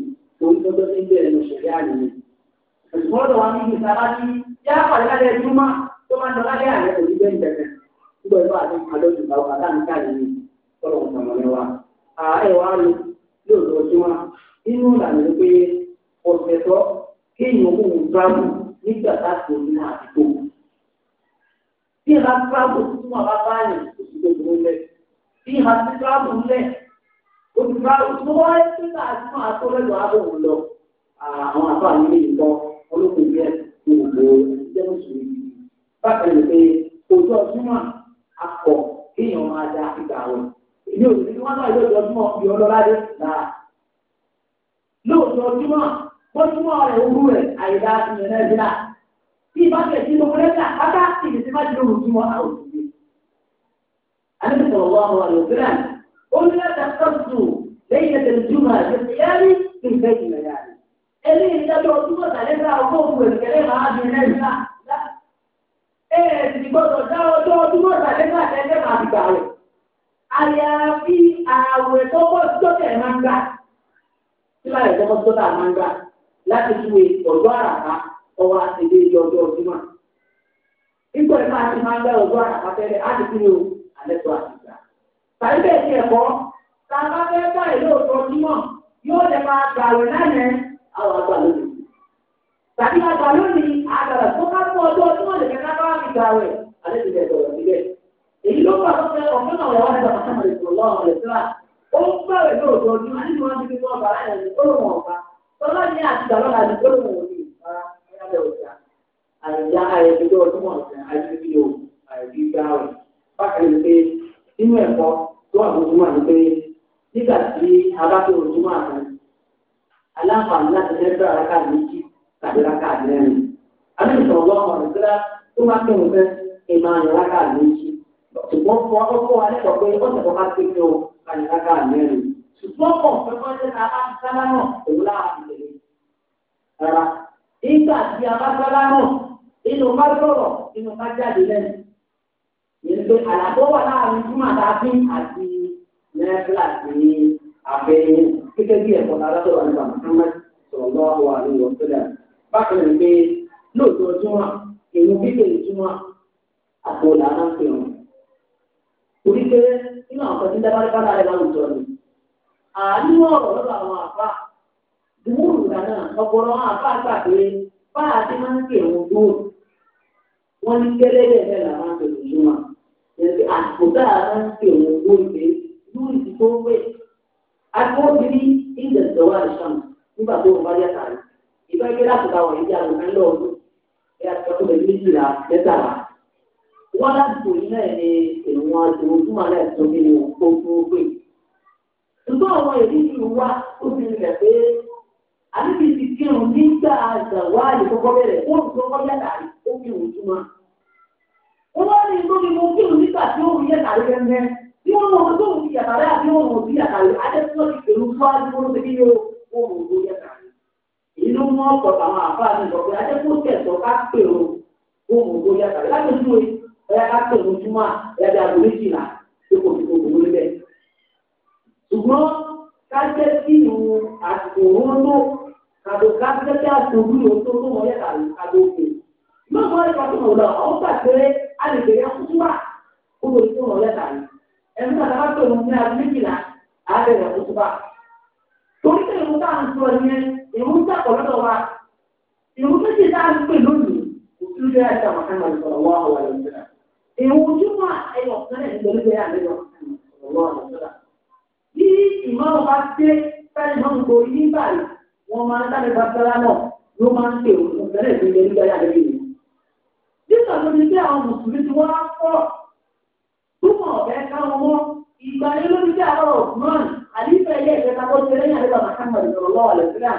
Speaker 1: torí tó tó ti ń bẹ̀rẹ̀ lọ sẹ̀rí àná ni. ẹ̀sùn ọ̀dọ̀ wa níbi ìsara ní yá pàdé lálẹ́ ẹ̀dúnmá tó máa ń lọ lálẹ́ àná kò ní bẹ́ẹ̀ bẹ̀rẹ̀ nígbà ìfọ̀ àti àlọ́jù bá wà láàrin káàdì ni tọ́lọ̀ ń tàn wọlé wa. ààrẹ wa lò lóòótọ́ sí wa inú ìlànà ló pé ọ̀sẹ̀ tọ́ kéèyàn kò wù tíráàbù nígbà táàbù ní àdìgbò. bí ìhà tí wọ́n bá bá yàn olùkọ́ tó wá sí láti máa tó lẹ́nu àbòwò lọ àwọn àfààní lè lọ olókùn jẹ́ òwò jẹ́ mùsùlùmí bákan ní pé òjò ọdúnmọ̀ akọ kéèyàn máa da ìgbà wọn èmi ò sí wọn náà yóò jọ ọdúnmọ̀ fi ọlọ́ládé náà lóòjọ́ ọdúnmọ̀ bọ́dúnmọ̀ rẹ̀ orú rẹ̀ àyíká ìyẹn náà dínà bí ìbáṣẹ̀ tí mo fẹ́ ká pátá ìdí tí má ti lóhùn tí wọ́n á òṣèlú. alẹ́ mi sọ̀rọ̀ wọ́n àwọn àlọ́ قلنا تقصدوا ليلة الجمعة للقيام في بيت المنام اللي إذا تعطوها ثلاثة أو فوق الكلام عاد ينام لا إيه تقول لا تعطوها ثلاثة ثلاثة ما تقعوا àyàfi àwẹ̀ tọ́wọ́ sọ́tẹ̀ máa ń gbà tí wọ́n yẹ tọ́wọ́ sọ́tẹ̀ máa ń gbà láti túwe ọ̀dọ́ àràbá ọwọ́ àtẹ̀lé ilé ọjọ́ ọdúnmá. Nígbà tí tàbí bẹ́ẹ̀ ẹ̀kọ́ tá bá fẹ́ bá ìlú òtọ́ yóò lè máa gbà wẹ̀ lánàá àwọn àgbà lónìí. tàbí àgbà lónìí àgbàlá tó ká fún ọjọ́ tí lè fẹ́ lábá mi gbà wẹ̀ alẹ́ ti bẹ̀ sọ̀rọ̀ síbẹ̀. èyí ló fà tó fẹ́ ọ̀fẹ́ náà wọ́n ti bàtà mọ̀ lẹ́sọ̀rọ̀ lọ́wọ́ rẹ̀ síra. ó ń gbà lóòótọ́ ní wọ́n ti ti fi wọ́n bàrà tó wà fún túmọ̀ ní pé nígbà tí a bá tó túmọ̀ àná aláǹfààní láti lẹ́gbẹ́ àràkà méjì tàbí àràkà mẹ́rin àbẹ́rẹ́ sọ̀rọ̀ lọ́kọ̀ rẹ̀ síra tó máa tó nǹkan ìmọ̀ àràkà méjì ṣùgbọ́n fún akọ́kọ́ wa lẹ́kọ̀ọ́ pé ó tẹ̀kọ́ ká pé kí o kà ní àràkà mẹ́rin ṣùgbọ́n kọ̀ fẹ́fọ́n jẹ́ ká bá sábà náà òun láà tẹ̀lé rárá nígbà tí a bá sábà náà inú bá sọ̀rọ̀ inú bá jáde lẹ́nu pé àlàbọ̀ wà láàrin túmọ̀ àtàkùn àti nẹ́ẹ̀fìlà sí abẹ́ gẹ́gẹ́ bí ẹ̀kọ́ alásọ̀rọ̀ àti Muhammad sallallahu alaihi wa sallam. bákan náà pé lóòótọ́ túmọ̀ èèyàn bíbélì túmọ̀ àpò làánà pè wọn. torí pé nínú àwọn kan tí dábàá bá rẹ̀ láwùjọ ni àánú ọ̀rọ̀ lọ́dọ̀ àwọn àbá dùmúrù dáná ọ̀pọ̀lọpọ̀ àbá àgbà pé báyà ti máa ń pè wọn dúró wọn ní kẹlẹ́lẹ́ bẹ́ẹ̀ làwọn àpèjì ẹ̀sìn àsìkò tá a máa ń fi òun wó ìgbé lórí ti tó wẹ̀. Akọ́bìnrin ìjẹ̀ ìjọba ìṣàn nígbà tó wọn bá yà sáré. Ìgbà ìgbé láti bá wọ̀ ìdí àgbọ̀n mẹ́lọ̀ ọdún. Ẹ àtọ́kùn bẹ̀rẹ̀ méjìlá mẹ́tàlá. Wọ́n lásìkò yìí náà ni ìwọ̀n àti ojú màálà ẹ̀sọ́ mi ni wọ́n kó fún ó pè. Ṣùgbọ́n àwọn èdè yìí wá ó fi rẹ̀ pé àbíbi ti kírun nígbà àgbà wá àlè kọ́kọ́ bẹ̀rẹ̀ fóònù tó kọ́ yàtà ó fi òun túmọ̀ ó wá ní ìlú ni mo kí òun nígbà tí òun yẹ kàrí gẹ́gẹ́ tí wọ́n mọ̀ tó òun ti yàtàrí àbí wọ́n mọ̀ sí yàtàrí adẹ́sọ́ ti pẹ̀lú fúwájú ó ti kí yóò wọ́n mọ̀ tó yẹ kàrí. èyí ló mú ọ̀pọ̀ àwọn àfáà mi lọ́pẹ́ adẹ́kùn tẹ̀sọ̀ ká pè ó wọ́n mọ̀ tó yẹ kàrí láti ojú ẹ̀yà ká pè ó túmọ̀ ẹ̀yà bí aago méjìlá tó kò fi gbogbo lórí bẹ́ẹ̀. ṣùgbọ́n ká jẹ́ kí ìwọ̀n àsìkò tó a lè bẹ̀rẹ̀ kútúbà kó lórí tó wọn lẹ́tà yìí ẹ̀mí náà bá tó wọn ní aago méjìlá a bẹ̀rẹ̀ kútúbà. torí pé ìwúta ń sọ yẹn ìwúta kọ̀ lọ́dọ̀ wa ìwúta ti dá a pè lónìí kò tún lé àti àwọn kan náà sọ̀rọ̀ wọ́n àwọn àlejò náà. ìwújú máa ẹyọ kan náà ń lọ nígbà yà lẹ́yọ sọ̀rọ̀ wọ́n àlejò náà. ìmọ̀ràn bá dé sáré máa ń gorí nígbà yìí wọ́n máa ń sáré bá sára náà ló máa ń tẹ̀ òkú tẹ́lẹ̀ tó yẹ nígbà yà lẹ́yìn títà lórí bí àwọn mùsùlùmí ti wá pọ̀ túmọ̀ ọ̀bẹ káwọn mọ́ ìgbà yẹn lórí bí àwọn osman àlífẹ́ ilé ìjọba kó ṣe lẹ́yìn àdébà màkàmà ìrọ̀rọ̀ lọ́wọ́ àlẹ́sílẹ̀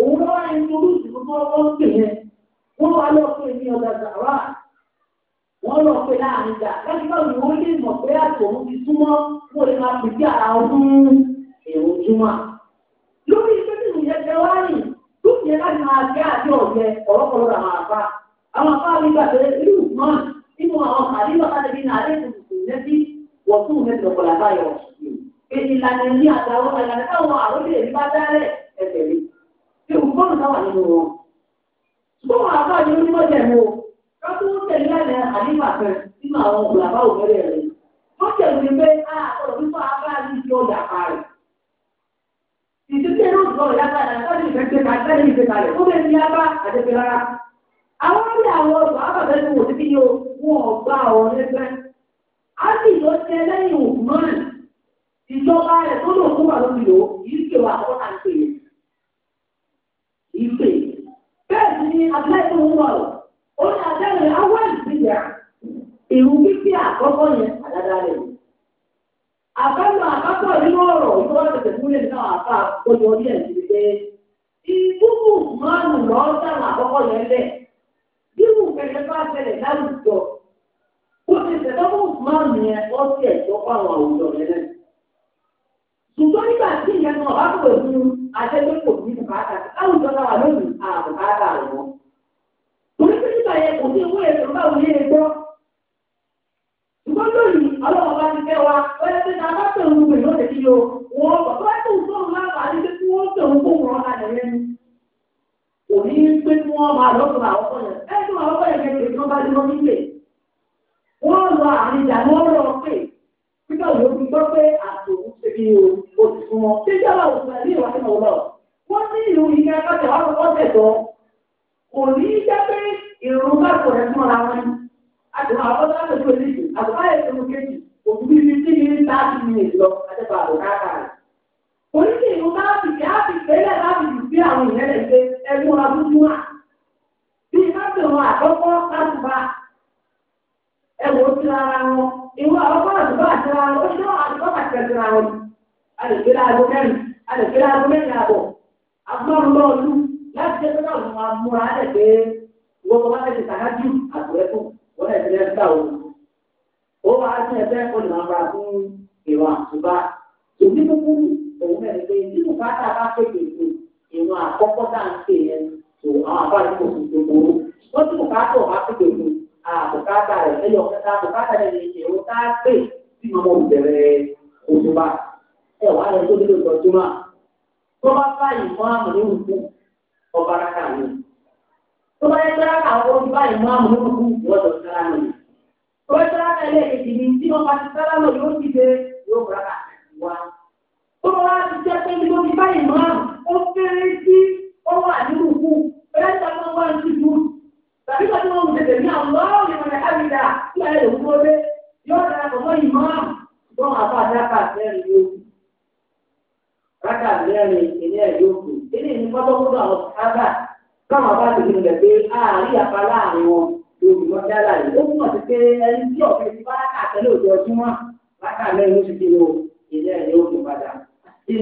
Speaker 1: òun lọ́wọ́ ẹni tó lù sí fún ọwọ́ ń pè yẹn wọ́n wá lọ pé ní ọjà sàrà wọ́n lọ pé láàrin ìjà láti bá òun lè mọ̀ pé àti òun ti súnmọ́ kó lè máa pèsè ara ọdún èrò lórí ìgbésìn ìyẹn jẹ wáyìn tó láti máa jẹ àti ọ̀jẹ ọ̀rọ̀kọ̀rọ̀ àwọn àbá àwọn afáàlú gbà tẹ̀lé irú mọ́n nínú àwọn àdínlọ́ kádébí náà alẹ́ tó kù wọ́n tún mẹ́tì lọ́kọ̀lá báyọ̀ pé ìlànà ní àtàwọn ìlànà táwọn àròlé èmi bá dárẹ̀ ẹsẹ̀ mi pé òkúrò táwà nínú wọn. ṣùgbọ́n àwọn afáàlú onímọ̀ jẹ̀mú o lọ́tún tẹ̀lé àlẹ́ àdínlọ́ kan nínú àwọn òkùnlàbá àwọn ọ̀rẹ́ àwọn ọ̀dọ́ àbàbẹ́ ni wò ní bí yóò wọn ọ̀gbà ọ̀rọ̀ lẹ́gbẹ́. a sì lọ jẹ lẹ́yìn òkú náà ìjọba rẹ̀ tó lò fún wà lórí lò yìí pè wá àwọn àgbè yìí pè. bẹ́ẹ̀ sì ni abẹ́rẹ́ ń wọ̀ ó ní abẹ́rẹ́ awọ́ ìgbìyà ìrù pípé àkọ́kọ́ yẹn àdáda rẹ̀. àbẹ́rẹ́ àkọ́kọ́ nínú ọ̀rọ̀ ìjọba tẹ̀tẹ̀ fúnlẹ̀ náà àfa àkójọ ní ẹ̀ kẹ̀kẹ́ bá ṣẹlẹ̀ láwùjọ ó ti ṣẹ̀dá fún Usman yẹn ó ti ẹ̀jọ́ ọrụ àwọn àwùjọ rẹ̀ náà. ṣùgbọ́n ọrụ tí ìyẹn náà bá kúrò ọrụ àjẹgbẹ́ kò kò ní pé kí wọ́n máa lọ́kùnrin àwọn ọkọ yẹn ẹ kí wọ́n ọkọ yẹn kékeré kí wọ́n bá dúró nílé wọ́n lọ àárín ìjà ni wọ́n lọ pé pípa òun ti gbọ́ pé àtò òun ṣe bí o o ti fún wọn tí ìjọba òun ẹ̀ ní ìwà tí mo lọ wọ́n ní ìlú ìgbà kájà wọn kọ́ tẹ̀tọ́ kò ní jẹ́ pé ìrùn bá sọ̀rọ̀ ẹ̀ mọ́ra wọn àtùmọ̀ àwọn ọ̀dọ́ àtòjú èlé àtùmọ̀ àyẹ̀tẹ̀ mú kéjì òun bí fi tí mi ń ta àti mi lọ àtẹ̀bà àbùkátà rẹ̀. onye bá ti kẹ́ àti pẹ́lẹ́ láti lù sí àwọn ìyẹn lè ti ara wọn ìwọ àkọ́kọ́ láti bá àti ara wọn ó ṣe wọn àti bọ́kà tẹ̀ síra wọn alèké láago mẹ́rin alèké láago mẹ́rin àbọ̀ agbọ́n lọ́ọ̀lù láti jẹ́ pé káwọn máa múra alẹ́gbẹ́ gbogbo bá tẹ̀sí sàkájú àtúrẹ́kù wọn òun náà ní pé tí bùkátà bá pèsè ètò ìwọn àkọ́kọ́ tá à ń pè yẹn tó àwọn àbáyé kò fi tó gbòòrò wọ́n tí bùkátà ọ̀bá pèsè ètò àbùkátà rẹ̀ ẹ̀yọ̀ kẹta bùkátà rẹ̀ ní ìṣẹ̀wọ́ tá a pè sí mọ́mọ́ òbẹ̀rẹ̀ òṣùpá ẹ̀ wá rẹ̀ tó nílò ìtọ́jú náà tó bá báyìí mọ́ àmì ní òkú ọba rákà mi tó bá yẹ kí rákà wọ́n báyìí mọ́ àmì òkú ìwọ́dọ̀ sára mi tó bá yẹ kí rákà ilé ìdìbò tí wọ́n bá ti sára lọ yóò dìde yóò rákà wá tó bá wá ti jẹ́ pé ní tó ti bá ìmọ̀ràn ó fẹ́rẹ́ sí ọwọ́ àdínkù ẹ̀ẹ́dẹ́gbẹ̀ta máa wá ń tìjú tàbí pàtó wọn tètè ní àwọn ọlọ́ọ̀lì wọn àbídà tí a lè wúwo dé yóò dára pọ̀ mọ́ ìmọ̀ràn ṣùgbọ́n àbá dáka mẹ́rin yóò kù rákà mẹ́rin ìní ẹ̀ yóò kù ilé ìní pátákótó àwọn kábà káwọn bá ti gbìyànjú pé àárín àpá láàrin wọn lórí wọn dára yìí ó túmọ̀ sí pé ẹni tí ọ̀fẹ́ ti bá rákà tẹ́lẹ̀ òjò ọdún wọn rákà mẹ́rin ó ti kí sí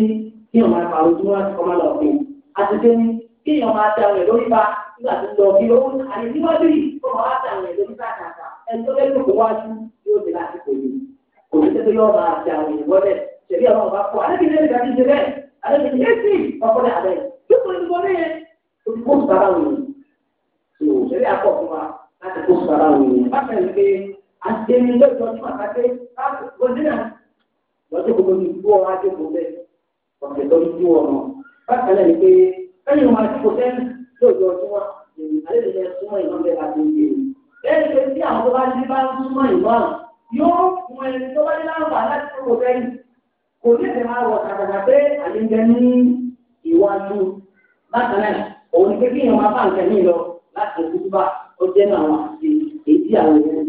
Speaker 1: kí èèyàn máa pàrọ̀ ojú wọn kọ́ máa lọ pé àti pé ní kí èèyàn máa da rẹ̀ lórí ba nígbà tó lọ bí owó àti níwájú yìí kó máa da rẹ̀ lórí ba kàkà ẹni tó lé lóko wájú yóò dé láti pè mí kò ní tẹ́tẹ́ yóò máa da rẹ̀ wọlé ṣèlú ọmọ bá kọ́ alẹ́kìnrin ẹ̀ka ti ṣe bẹ́ẹ̀ alẹ́kìnrin ẹ̀sì ọkọlẹ̀ abẹ́ yóò kọ́ ẹni wọlé yẹn tó kó sára wò ní ṣèlú akọ fún wa láti kó sára wò ní bákan ní pé àti ẹni lọ́jọ́ tí wọ́n ká ọ̀sẹ̀ tó ń tú ọ̀nà bákan náà ni pé lẹ́yìn wọn àti kò sẹ́ni yóò yọ ọtún wa àlejò yẹn súnmọ́ ìmọ̀ bẹ́ẹ̀ bá ti ń gbé lẹ́yìn pé tí àwọn tó bá ní bá ń súnmọ́ ìmọ̀ yóò fún ẹni tó bá ní láǹfà láti tó kò sẹ́yìn kò ní ẹ̀sẹ̀ máa wọ̀ kàkàkà pé àlejò ní ìwájú bákan náà òun ni pé kí èèyàn máa bá nǹkan mí lọ láti ojú bá ó jẹ́ àwọn àti èyí àwọn ènìyàn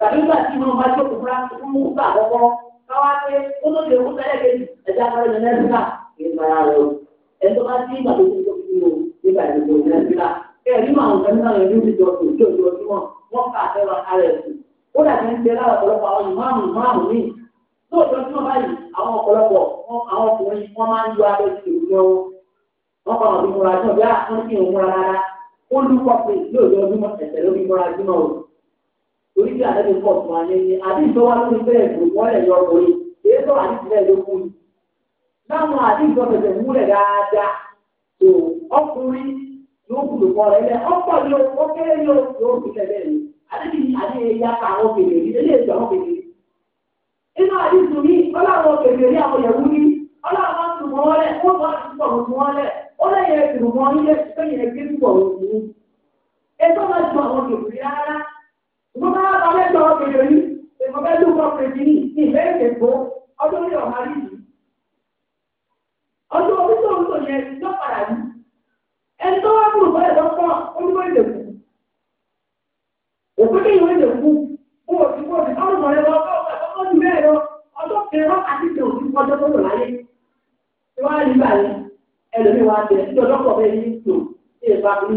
Speaker 1: tàbí nígbà tí wọ́n bá jókòó káwá pé ó ló lè wúlò ẹ̀ kejì ẹ̀já kan lè nẹ́ẹ̀sìlá kì í fara rẹ o ẹni tó bá sí ìgbà tó tó fi o nígbà ìdìbò nẹ́ẹ̀sìlá ẹ̀ nínú àwọn kan náà yẹn níbi ìjọ tó tó tó tó wọn wọn kà fẹ́ wọn kárẹ̀ sí ó dàbí ń tẹ lára ọ̀pọ̀lọpọ̀ àwọn ìmáàmù ìmáàmù míì tó o jọ sí wọn báyìí àwọn ọ̀pọ̀lọpọ̀ àwọn ọkùnrin wọn máa ń lo abẹ́ sí ìwúrọ̀ wọn kọ́ àwọn ìmúra náà bí àwọn ìmúra rárá ó lúkọ̀ pé yóò jọ ọdún mọ́ ẹ̀sẹ̀ lórí ìmúra jùmọ̀ o torí bí àlẹ́ mi pọ̀ tó wáyé ni àbí ìjọba ló ti bẹ́ẹ̀ lò wọ́n lẹ̀ yọ ọkùnrin èyí tó àti bẹ́ẹ̀ ló kú ni. láwọn àti ìjọba ẹ̀sẹ̀ múlẹ̀ dáadáa tó ọkùnrin yóò kú lòpọ̀ rẹ̀ lẹ̀ ọ̀pọ̀ ni ó kéré ni yóò fi lẹ̀ bẹ́ẹ̀ ni àti àti ẹ̀yà ka àwọn kèlè ní ilé ìjọ àwọn kèlè. inú àti ìtùmí ọlọ́run kèlè ní àwọn yẹ̀wù ní ọlọ́run bá ti pọ̀ tù mo bá ọlẹ́jọ́ ọ̀gbìn yìí èèmọ̀ bẹ́ẹ̀ ló kọ́ pèsè ní ìlẹ́ ìkẹ́kọ̀ọ́ ọdún ní ọ̀há yìí ọdún orí tó ń lò yẹn ló padà yìí ẹni tó wá kúrò bọ́ọ̀lù tó pọ̀ oníwọ̀n ìdè kú òkú kéèyàn ìdè kú fún òsì fún òsì ọdún mọ̀lẹ́ lọ ọdún ju bẹ́ẹ̀ lọ ọdún kẹrin wọn àti ìdè òsì fún ọjọ́ tó lò láyé tí wọ́n á rí báyìí ẹlòmíì wá bẹ̀rẹ̀ tí ọjọ́ bẹ́ẹ̀ yìí tó ṣe é bá mi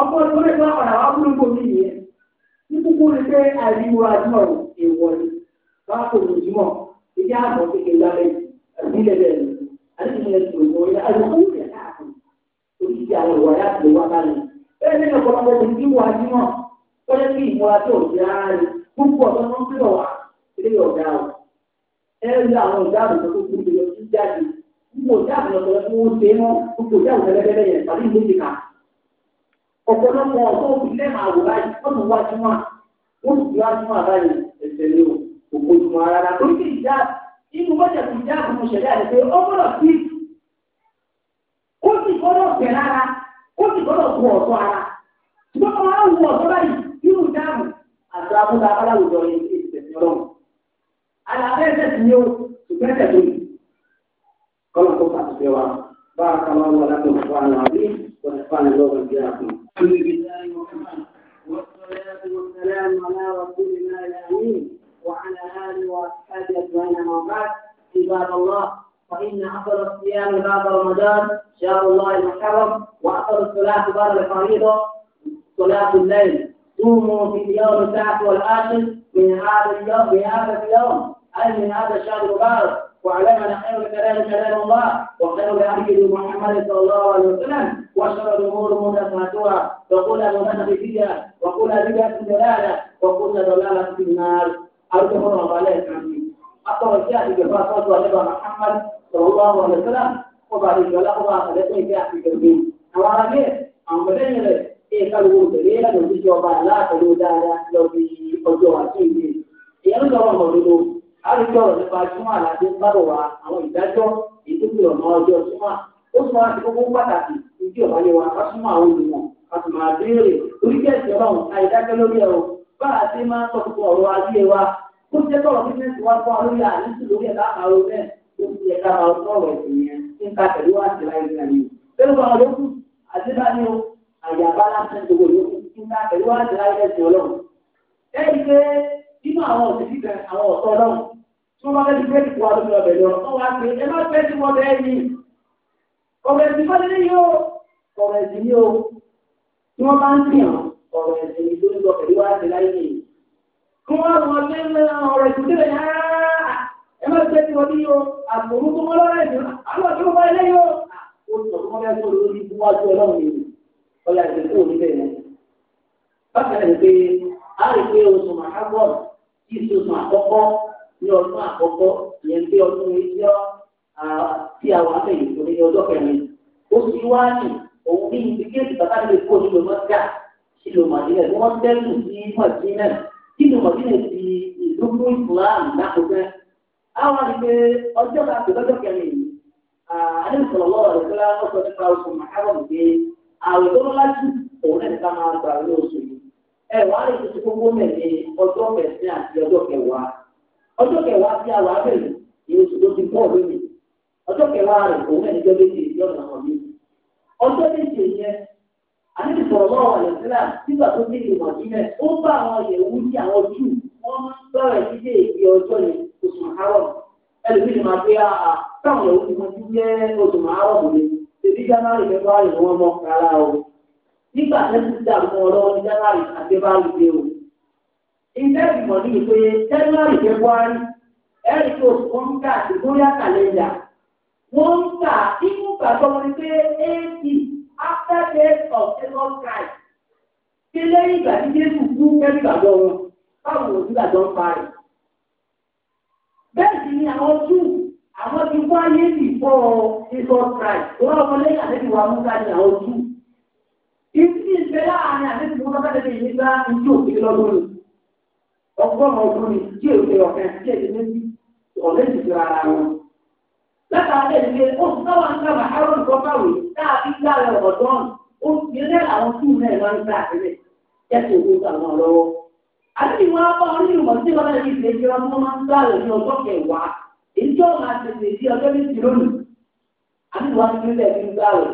Speaker 1: ọkọ tí lè tó àpàdà wá fún ìgbò mi yẹn ní kúkú ni pé àìríwọ àjùmọ̀ èèwọ̀ bá kò ní jùmọ̀ ìdí àbọ̀ kékeré lálẹ́ ìbílẹ̀ bẹ́ẹ̀ ni àti ìyẹn tó lọ yẹ àdókòwò yẹ káàkiri oríṣiríṣi àwọn ìwà yà tó wá kálẹ̀ bẹ́ẹ̀ ni ọ̀pọ̀lọpọ̀ kò ní wà jùmọ̀ kọ́lẹ́ kí ìmúra tó di ara púpọ̀ tó ń ọ̀pọ̀lọpọ̀ ọ̀tọ́ òbí lẹ́nu àwòrán yìí wọ́n tún wájú mọ́ wọ́n tún wájú mọ́ àbáyé ẹ̀sẹ̀ ni o òkò tó ara rà lórí kí ìjà inú bọ́jà kò já àbùkù ṣẹlẹ̀ àti pé ọgbọ́dọ̀ sí kó sì gbọ́dọ̀ bẹ̀ rárá kó sì gbọ́dọ̀ bu ọ̀tọ́ ara ṣùgbọ́n wọn á wù ọ̀tọ́ báyìí irú dáàmù àti abúlé abáláwò lọ yẹn kí ìṣẹ̀ ní ọlọ́run alàbẹ́ ẹ̀sẹ̀ sì ni o ṣùgbọ́n ẹ̀sẹ̀ tó yìí kọ́lọ̀ kó pàṣẹ wa bá a kà wá wọlé وإتقان الله الجاهلية. الحمد لله وكفى والصلاة والسلام على رسول الله الأمين وعلى آله وأصحابه أجمعين أما بعد عباد الله فإن أفضل الصيام بعد رمضان شهر الله المحرم وأفضل الصلاة بعد الفريضة صلاة الليل صوموا في اليوم التاسع والعاشر من هذا اليوم في هذا اليوم أي من هذا الشهر المبارك واعلم أن خير الكلام كلام الله وخير الهدي محمد صلى الله عليه وسلم وشر الأمور محدثاتها وكل محدثة بدعة وكل بدعة ضلالة وكل ضلالة في النار أرجو الله عليه عني أقوى الشاهد بفاصلة ولد محمد صلى الله عليه وسلم وبارك له وأخذته في أحد الدين أما رجل أما بدل إيه قالوا دليلا نبي جواب لا تلو دالا لو في أجوا سيدي ìyẹn ló wọ́n lòdòdò àrùjọ nípa súnmọ́ àlàdé ń bá bọ̀ wá àwọn ìdájọ́ ìdúgbò ọ̀nà ọjọ́ súnmọ́ ó sọ àti kókó pàtàkì ìdí ọ̀bá yẹn wa ká súnmọ́ àwọn olùmọ̀ ká sì máa béèrè oríkèsí ọlọ́run àìdákẹ́ lórí ẹ̀rọ bá a ti máa sọ fún ọ̀rọ̀ ajé wa kó jẹ́ tọ̀rọ̀ bísíǹsì wa fún alórí àdísù lórí ẹ̀dá àrò bẹ́ẹ̀ ó ti yẹ ká máa sọ̀rọ̀ ẹ̀sìn yẹn kí n ta pẹ̀lú àti láì nígbà yìí pẹ̀lú àwọn yòókù àdébáyé o àyàbá láti ń dogo ta pẹ̀lú àti láì tí wọ́n bá fẹ́ẹ́ ti fẹ́ẹ́ ti kó alómi lọ wọ́n wá pé ẹ má fẹ́ẹ́ ti wọ́n bẹ́ẹ̀ yìí ọ̀rọ̀ ẹ̀sìn kọ́ lélẹ́ yóò ọ̀rọ̀ ẹ̀sìn yóò tí wọ́n bá ń sìn ọ́ ọ̀rọ̀ ẹ̀sìn yìí tó ń lọ pẹ̀lú wáṣẹ láyé yìí. kí wọ́n wọ ọdún ẹgbẹ́ ọ̀rọ̀ ẹ̀sìn tó lè yá ẹ má gbé tí wọ́n bí yóò àtòrú tó mọ́ lọ́rọ̀ ẹ̀sìn àwọn tó wọ́n lé yóò. ó sọ fún ọmọ ẹgbẹ́ olórí fún wájú ọlọ́run yìí ọ̀yà ẹ̀sìn kúrò níbẹ̀ yẹn. bákan ẹ̀ pé a lè pé oṣù màkàbọ̀ kí oṣù àkọ́kọ́ ní ọdún àkọ́kọ́ ìyẹn pé ọdún ìjọ tí àwọn afẹ́yìn tó ní ọjọ́ kẹrin ó sì wá ní òun ní ibi kéèkì bàbá mi kó mọ́tíà ni wọ́n sí ti ìlú fún ìsìláàmù lákòókẹ́. àwọn àdìgbé ọjọ́ kan àti lọ́jọ́ kẹrin yìí àdéhùn sọ̀rọ̀ lọ́wọ́ rẹ̀ pé wọ́n sọ nípa oṣù màkàrọ̀ pé àwẹ̀ tó lọ́lá jù òun náà nípa máa gbà ní oṣù yìí. ẹ wà á lè gbogbo ọjọ́ kẹwàá rẹ̀ òun ẹni jọ méje ìjọ ọ̀nà kan yìí ọjọ́ méje yẹn àníbi sọ̀rọ̀ mọ́ àwọn àlẹ́sílà nígbà tó dé ìmọ̀ sílẹ̀ ó bá àwọn ìyẹ̀wù ní àwọn jù wọ́n bẹ̀rẹ̀ dídé ìdí ọjọ́ yẹn oṣù márùn ẹlòmíì máa gbé àà ah, ah, táwọn ìyẹ̀wù ti mọ sí jẹ́ oṣù márùn ni tèmi jánárì fẹ́fúrárì ni wọ́n mọ rárá o nígbà tẹ́sí dààmú ọlọ́wọ́ ní jánárì àti fẹ́fúrárì dé o ilé ìmọ̀ ní ìpè jánárì fẹ́fúrárì ẹ̀rí tó oṣù kan káàkiri bóyá kàlẹ́ńdà wọ́n ń tà nínú ìgbàgbọ́ wọn ni pé ap after death of Jesus Christ ṣe lẹ́yìn ìgbà tí Jésù kú pẹ̀lú ìgbàgbọ́ wọn báwo ló ti gbàgbọ́ ń parí. bẹ́ẹ̀ sì ni àwọn Júù àwọn ti wá ayé ìfọ́ Jesus Christ tó wá ọmọ lẹ́yìn àlejò wa mú ká ní àwọn Júù. ìdí ìfẹ́ láàárín àlejò wọn bá tẹ̀lé ìgbà ìjọ òkè lọ́dún ni ọgbọ́n ọdún ni tí èrò ọ̀fẹ́ àti ẹ̀dínlẹ́sì ọ̀lẹ́sì fi ara wọn látara lè ṣe oṣù táwọn ń gbàgbà aaron gbọ́kàwé táàbí gbàgbà ọ̀dọ́n ó yẹlẹ́ àwọn tún náà máa ń gbà àbẹ̀rẹ̀ jẹ́sẹ̀ òkú àwọn lọ́wọ́. àti wọn bá wọn nínú ìmọ̀ tí wọn náà yìí lè jẹun wọn máa ń gbàgbà ní ọjọ́ kẹwàá èyí tó máa tètè sí ọjọ́ méjì lónìí. àti wọn ti lè fi gbàgbà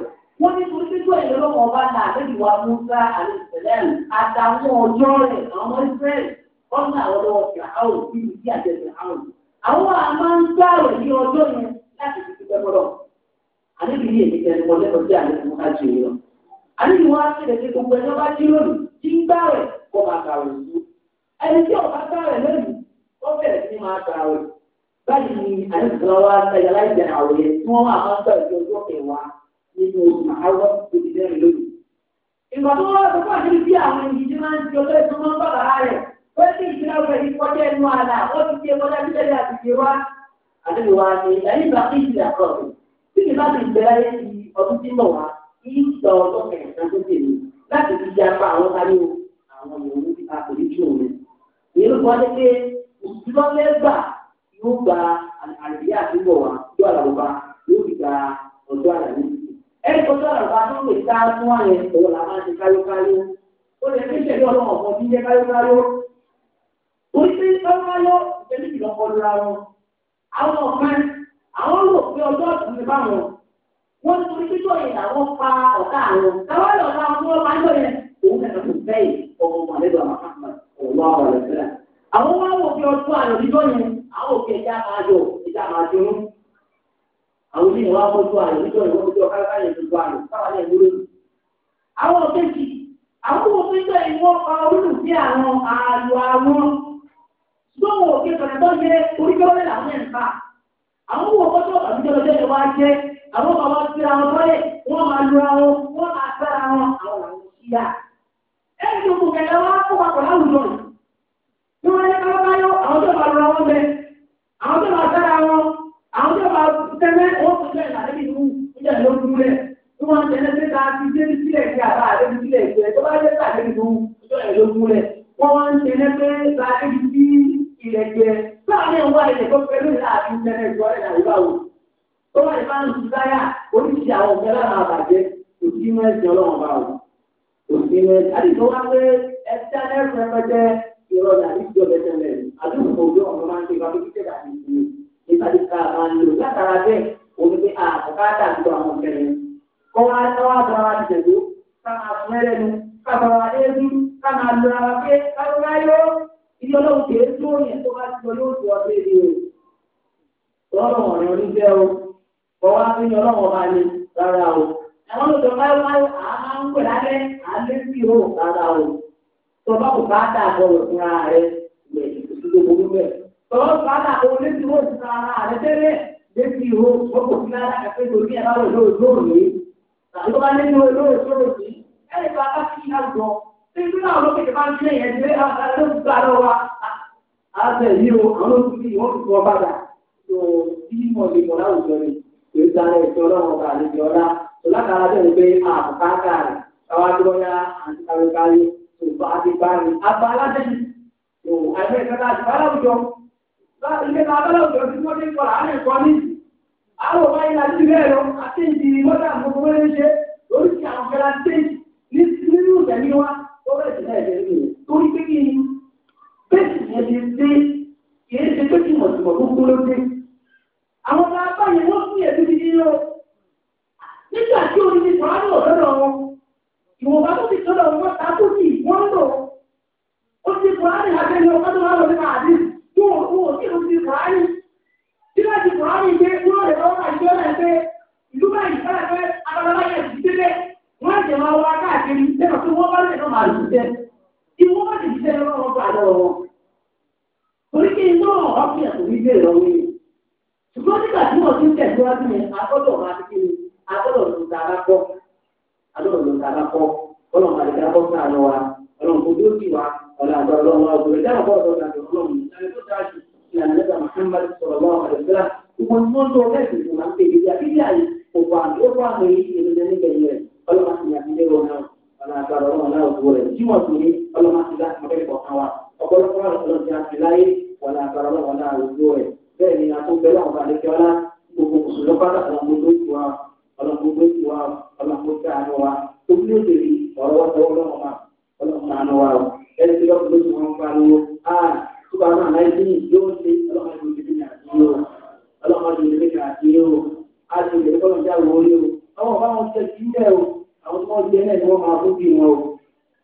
Speaker 1: wọn ní kò sí tó ẹ̀yẹ lọ́wọ́ ọba náà àbẹ́bí wa mú gbá àlùsẹ̀lẹ̀m àtàwọn ọjọ́ rẹ̀ àwọn ìfẹ́rẹ̀ wọ́n ní àwọn lọ́wọ́ fìlà áwọ̀ sí ìdí àjẹsẹ̀ áwọ̀. àwọn àmọ́ ń gbàwẹ̀ ní ọjọ́ yẹn láti fi dúpẹ́ fọlọ́ àníbi yìí èyí tẹnu wọlé ọjọ́ àníbi wọn ká jù yìí lọ àníbi wọn á ṣẹlẹ̀ pé gbogbo ẹni ọba jí lónìí tí ń gbá rẹ̀ kọ́ máa gbà rẹ̀ sí ẹni tí ọba gbá rẹ̀ lónìí wọ́n bẹ̀rẹ̀ sí máa gbà rẹ̀ báyìí ni àníbi wọn wá ṣẹlẹ̀ láì jẹ àwọn yẹn tí wọ́n máa máa bẹ̀rẹ̀ sí ojú ọ̀kẹ́ wa nínú àwọn olùdíjẹ́rin lónìí. ìgbà tó wọ́n sọ fún àníbi bí àwọn ìdíje máa ń di ọjọ́ ìtumọ̀ ń bàbá rẹ̀ wọ́n ti ìdíjẹ́ àdébí wa ni ẹ̀yìn bá kí ìsìn àkọ́ rẹ̀ bí kì bá ti bẹ̀rẹ̀ ayé ti ọdún tí mọ̀ wá kí ìgbà ọdún kẹ̀kẹ́ tó tèmi láti fi ya pa àwọn kárí o àwọn ìwọ̀n ti ta kò ní jù òun. èyí ló kọ́ ni pé òṣìṣẹ́ lẹ́gbà yóò gba àlùyé àdúgbò wa yóò àlàbọ̀bá yóò fi gba ọjọ́ àlàyé. ẹni tó tọ́ àlàbà tó lè ta fún àyẹ̀ òun làwọn àti káyókáyó. ó lè fi ìṣẹ̀lẹ̀ ọlọ́run àwọn ọ̀kan àwọn rò pé ọjọ́ ìsinmi báwọn wọ́n ti fi tó yẹ àwọn pa ọ̀tá àwọn táwọn lọ bá wọn wọn máa ń òun kẹta kò bẹ́ẹ̀ ọmọ mọ̀lẹ́dọ̀ àmàkàmà ọ̀wọ́ àwọn ọ̀rẹ́sẹ̀rẹ̀ àwọn wọn wò pé ọjọ́ àrùn dídọ́ yẹn àwọn òkè ẹja máa yọ ẹja máa dúró àwọn oníyẹn wá mọ́tò àrùn dídọ́ yẹn wọ́n mọ́tò kárakára yẹn gbogbo àrùn táwọn yẹn lórí àwọn òkè lọ́wọ́ òkè tọ̀nà tó yẹ oríkọ́lẹ́ làwọn ẹ̀ ń fa àwọn wo kọ́tọ́ àbújọ́lọ́jọ́ yẹn wá jẹ́ àwọn máa wá sí àwọn tọ́lẹ̀ wọ́n máa lu àwọn wọ́n máa gbára wọn àwọn làwọn sí ẹni tó kùn kẹlẹ wá kó papọ̀ láwùjọ rẹ̀ wọ́n yẹ kábàbáyọ àwọn tó máa lu àwọn bẹ àwọn tó máa gbára wọn àwọn tó máa tẹ́lẹ̀ wọ́n kò tẹ́lẹ̀ lálẹ́ ìlú ìjà ló rẹ̀ bí wọ́n tẹ́lẹ̀ pé ká ti dé sílẹ̀ sí àbá àdébí sílẹ̀ ìgbẹ́ tó bá dé sàlẹ̀ ìlú ìjọ ẹgbẹ́ láàrin òun wà lẹ́yìn tó pẹ̀lú láàrin ìjẹ́nà ìjọ́ rẹ̀ náà wíwáwò. Ó wà ní bá ń tu táyà oríṣi àwọn ọ̀gá lára àbàjẹ́ kò sí mọ́ ẹ̀sìn ọlọ́run bá wò. Kò sí mọ́ ẹ̀sìn àdìgbò wá pé ẹ̀sìn ẹ̀sìn ẹ̀pẹ̀tẹ̀ ìrọ̀lẹ́ àdìgbò bẹ̀tẹ̀ mẹ́rin. Àdúgbò kò gbé ọ̀gá máa ń ṣe ìgbàgbọ́ kíkẹ́ dàbí ìsinmi. Ìpàdé ká máa ń lò látara bẹ́ẹ̀ òun pé àkọ́kọ́ àtàkùn àwọn ọ̀kẹ́rin. Kọ́ wá lọ́wọ́ àtàwọn àtìjẹ̀dó ká máa fún ẹlẹ́nu ká máa wà lé yẹn tó bá ti lọ yóò tó ọdún èdè o o kọ́ wá sí ọlọ́run ọba ni rárá o àwọn olùdó máa ń wáyé àá ń pè lálẹ́ àlẹ́ sí o rárá o tó bá kò bá dà bọ̀ wọ̀ fúnra rẹ lè ìdúró gbogbo bẹ́ẹ̀ tó bá dà bọ̀ wọ̀ létí o fúnra rẹ tẹ́lẹ̀ létí o wọ́n kò fi lára kẹfẹ́ torí ẹ̀ báwo ló lóòrò yìí tàbí tó bá létí o lóòrò sóòrò yìí ẹ̀ lè fa bá kí á gbọ́ ṣé ìdúrà olókè tó bá àtẹ yìí o àwọn oṣù tí wọ́n ti wọ́n padà tó tí mo lè mọ̀ láwùjọ ni kò ń darẹ̀ ìjọ ọlọ́run ọba àlejò ọlá tó látara bẹ́ẹ̀ ni pé àbùkátà rẹ̀ káwá tó bọ́yá àti káríkárí tó bá ti bá rí abá aládẹ́ni tó àìfẹ́ ìfẹ́ láti bá láwùjọ ilé ta abá láwùjọ tí wọ́n dé kọ́ àárẹ̀ kọ́ ní àwọn ọba yìí láti bẹ́ẹ̀ lọ àti ìdí mọ́tà bẹ́ẹ̀ sì yẹn ti dé kìí ṣe pé kí mọ̀tìmọ̀ gbogbo ló dé. àwọn ọmọ apá yẹn wọ́n fún yẹn bíbí nínú nígbà tí orin ti sọ̀rọ̀ lò lọ́dọ̀ wọn ìwọ̀nba tó ti sọ̀rọ̀ wọn tàbí kì í wọ́n lò ó ti buhari abẹ́lé ọkọ̀ tó wà lọ nípa àdé wọn ò wọn ò ìṣiṣẹ́ lọ́wọ́ bá lọ́wọ́ wọn. torí kí inú ọ̀rọ̀ fi hàn torí bẹ́ẹ̀ yìí. ṣùgbọ́n nígbà tí wọ́n ti ń tẹ̀síwájú yẹn agbọ́dọ̀ máa ti kiri agbọ́dọ̀ ló ta bá kọ́ agbọ́dọ̀ ló ta bá kọ́ ọlọ́run máa lè dá bọ́ sáà lọ wa ọlọ́run kò dúró sí wa ọlọ́run ọlọ́run ọlọ́run ìdáhùn tó dáa jù ìlànà nígbà Muhammad sọ̀rọ̀ lọ́wọ́ àdìsílá wọn ni wọ́n lọ lẹ́sìn tó máa ń tẹ̀lé bí abíyá yìí kò bá àmì ó bá àmì yìí ìrìnà nígbà yẹn ọlọ́run àti ìyàtúndé wọn Kalau masih láti máa bẹ̀rẹ̀ kọ̀ọ̀kan wa ọ̀pọ̀lọpọ̀ ọlọ́run ti àti láyé wà ní agbára ọlọ́run náà lójú rẹ̀ bẹ́ẹ̀ ni a tó bẹ lọ́wọ́ bá lẹ́kẹ́ ọlá gbogbo mùsùlùmí pátá ọlọ́run tó ti wá ọlọ́run orang ti wá ọlọ́run tó ti àánú wa omi ó tẹ̀lé ọ̀rọ̀ wọ́tọ̀ ọlọ́run wa ọlọ́run àánú wa o kalau tí lọ́kùn ló ti wọ́n bá lówó a túbà náà láì sí yóò ṣe ọlọ́run àti òṣèlú àti yóò ni wọ́n máa fún bí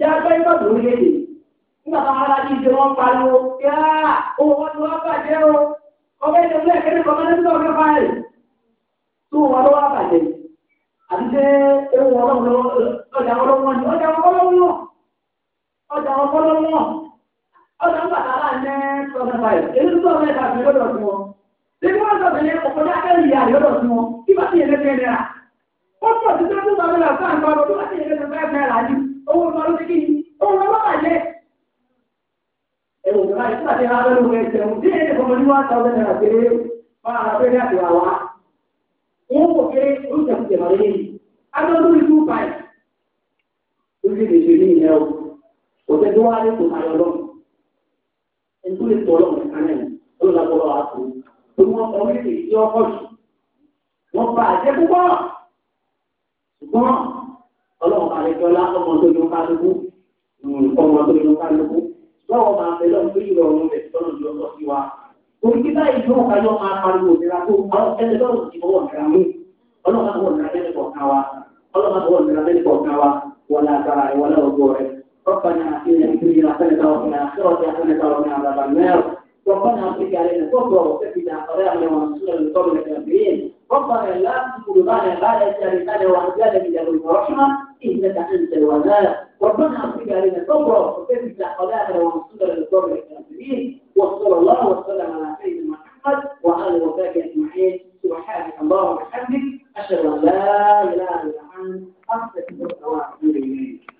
Speaker 1: jágbẹ́ ìtọ́jú orílẹ̀-èdè nígbà tó ara ní ìṣe wọn pariwo yá owó wọn ni wọn bàjẹ́ o ọgbẹ́ ìṣẹ̀lú ẹ̀kẹ́rẹ́ kọ́mọ́lẹ́ tó ọ̀gá báyìí tó wọn lọ́wọ́ bàjẹ́ àti ṣé ewu ọlọ́run ọjà ọlọ́run ọjà ọlọ́run ọjà ọlọ́run ọjà ń bàtà láàrin ní tọ́lá báyìí èyí tó tọ́lá ẹ̀ka àti lọ́dọ̀ sí wọn ṣé kí wọ́n sọ̀rọ̀ yẹn ọ̀pọ̀ dákẹ́ ìyá lọ́dọ̀ sí wọn kí bá sì yẹn lẹ́fẹ̀ẹ́ náírà ó pọ̀ sí tó tó tọ́lá ẹ̀ka àti lọ́dọ̀ sí wọn kí bá sì yẹn lẹ́fẹ̀ẹ́ náírà yìí owó ọmọ ló ti kí ni owó ọmọ bàjẹ́. ẹ wò ká ìtura ti ha lọ́nu rẹ̀ jẹun bí ẹni fọmọ ní one thousand naira péré máa ra péré àti wà wá. wọ́n kò kéré ó jẹun jẹun àlẹ́ yìí adọ́dún ní two five. ó sì lè ṣe ní ìyẹn o kò tẹ́ tó wá ní kò máa yọ lọ́nà. ẹni tó lè tọ́ lọ́nà kan náà ló lágbọ́dọ̀ ọlọ́run àlejò ọlá ọmọ tó yọ kálukú ọmọ tó yọ kálukú lọ́wọ́ máa fẹ́ lọ́wọ́ tó yọ ọ̀run rẹ̀ tọ́nà ló sọ sí wa. Òkè báyìí tó ọ̀ka yọ máa pariwo òmìnira tó àwọn ẹni lọ́rùn ti bọ́wọ́ nira mú. Ọlọ́run àti wọ̀nira bẹ́ẹ̀ kọ̀ ká wa. Ọlọ́run àti wọ̀nira bẹ́ẹ̀ kọ̀ ká wa. Wọlé agbára rẹ̀ wọlé ọgbọ rẹ̀. ربنا آتنا في الدنيا حسنة وفي الآخرة حسنة وقنا عذاب النار ربنا اغفر علينا كفر وكفنا قرارنا وانصرنا لقوم الكافرين ربنا لا تزغ قلوبنا بعد إذ هديتنا وهب لنا من لدنك رحمة إنك أنت الوهاب ربنا أفرج علينا الكبرى وكفت أقدامنا وانصرنا للضر الكافرين وصلى الله وسلم على سيدنا محمد وعلى وصحبه أجمعين سبحانك اللهم وبحمدك أشهد أن لا إله إلا أنت أستغفرك وأتوب إليك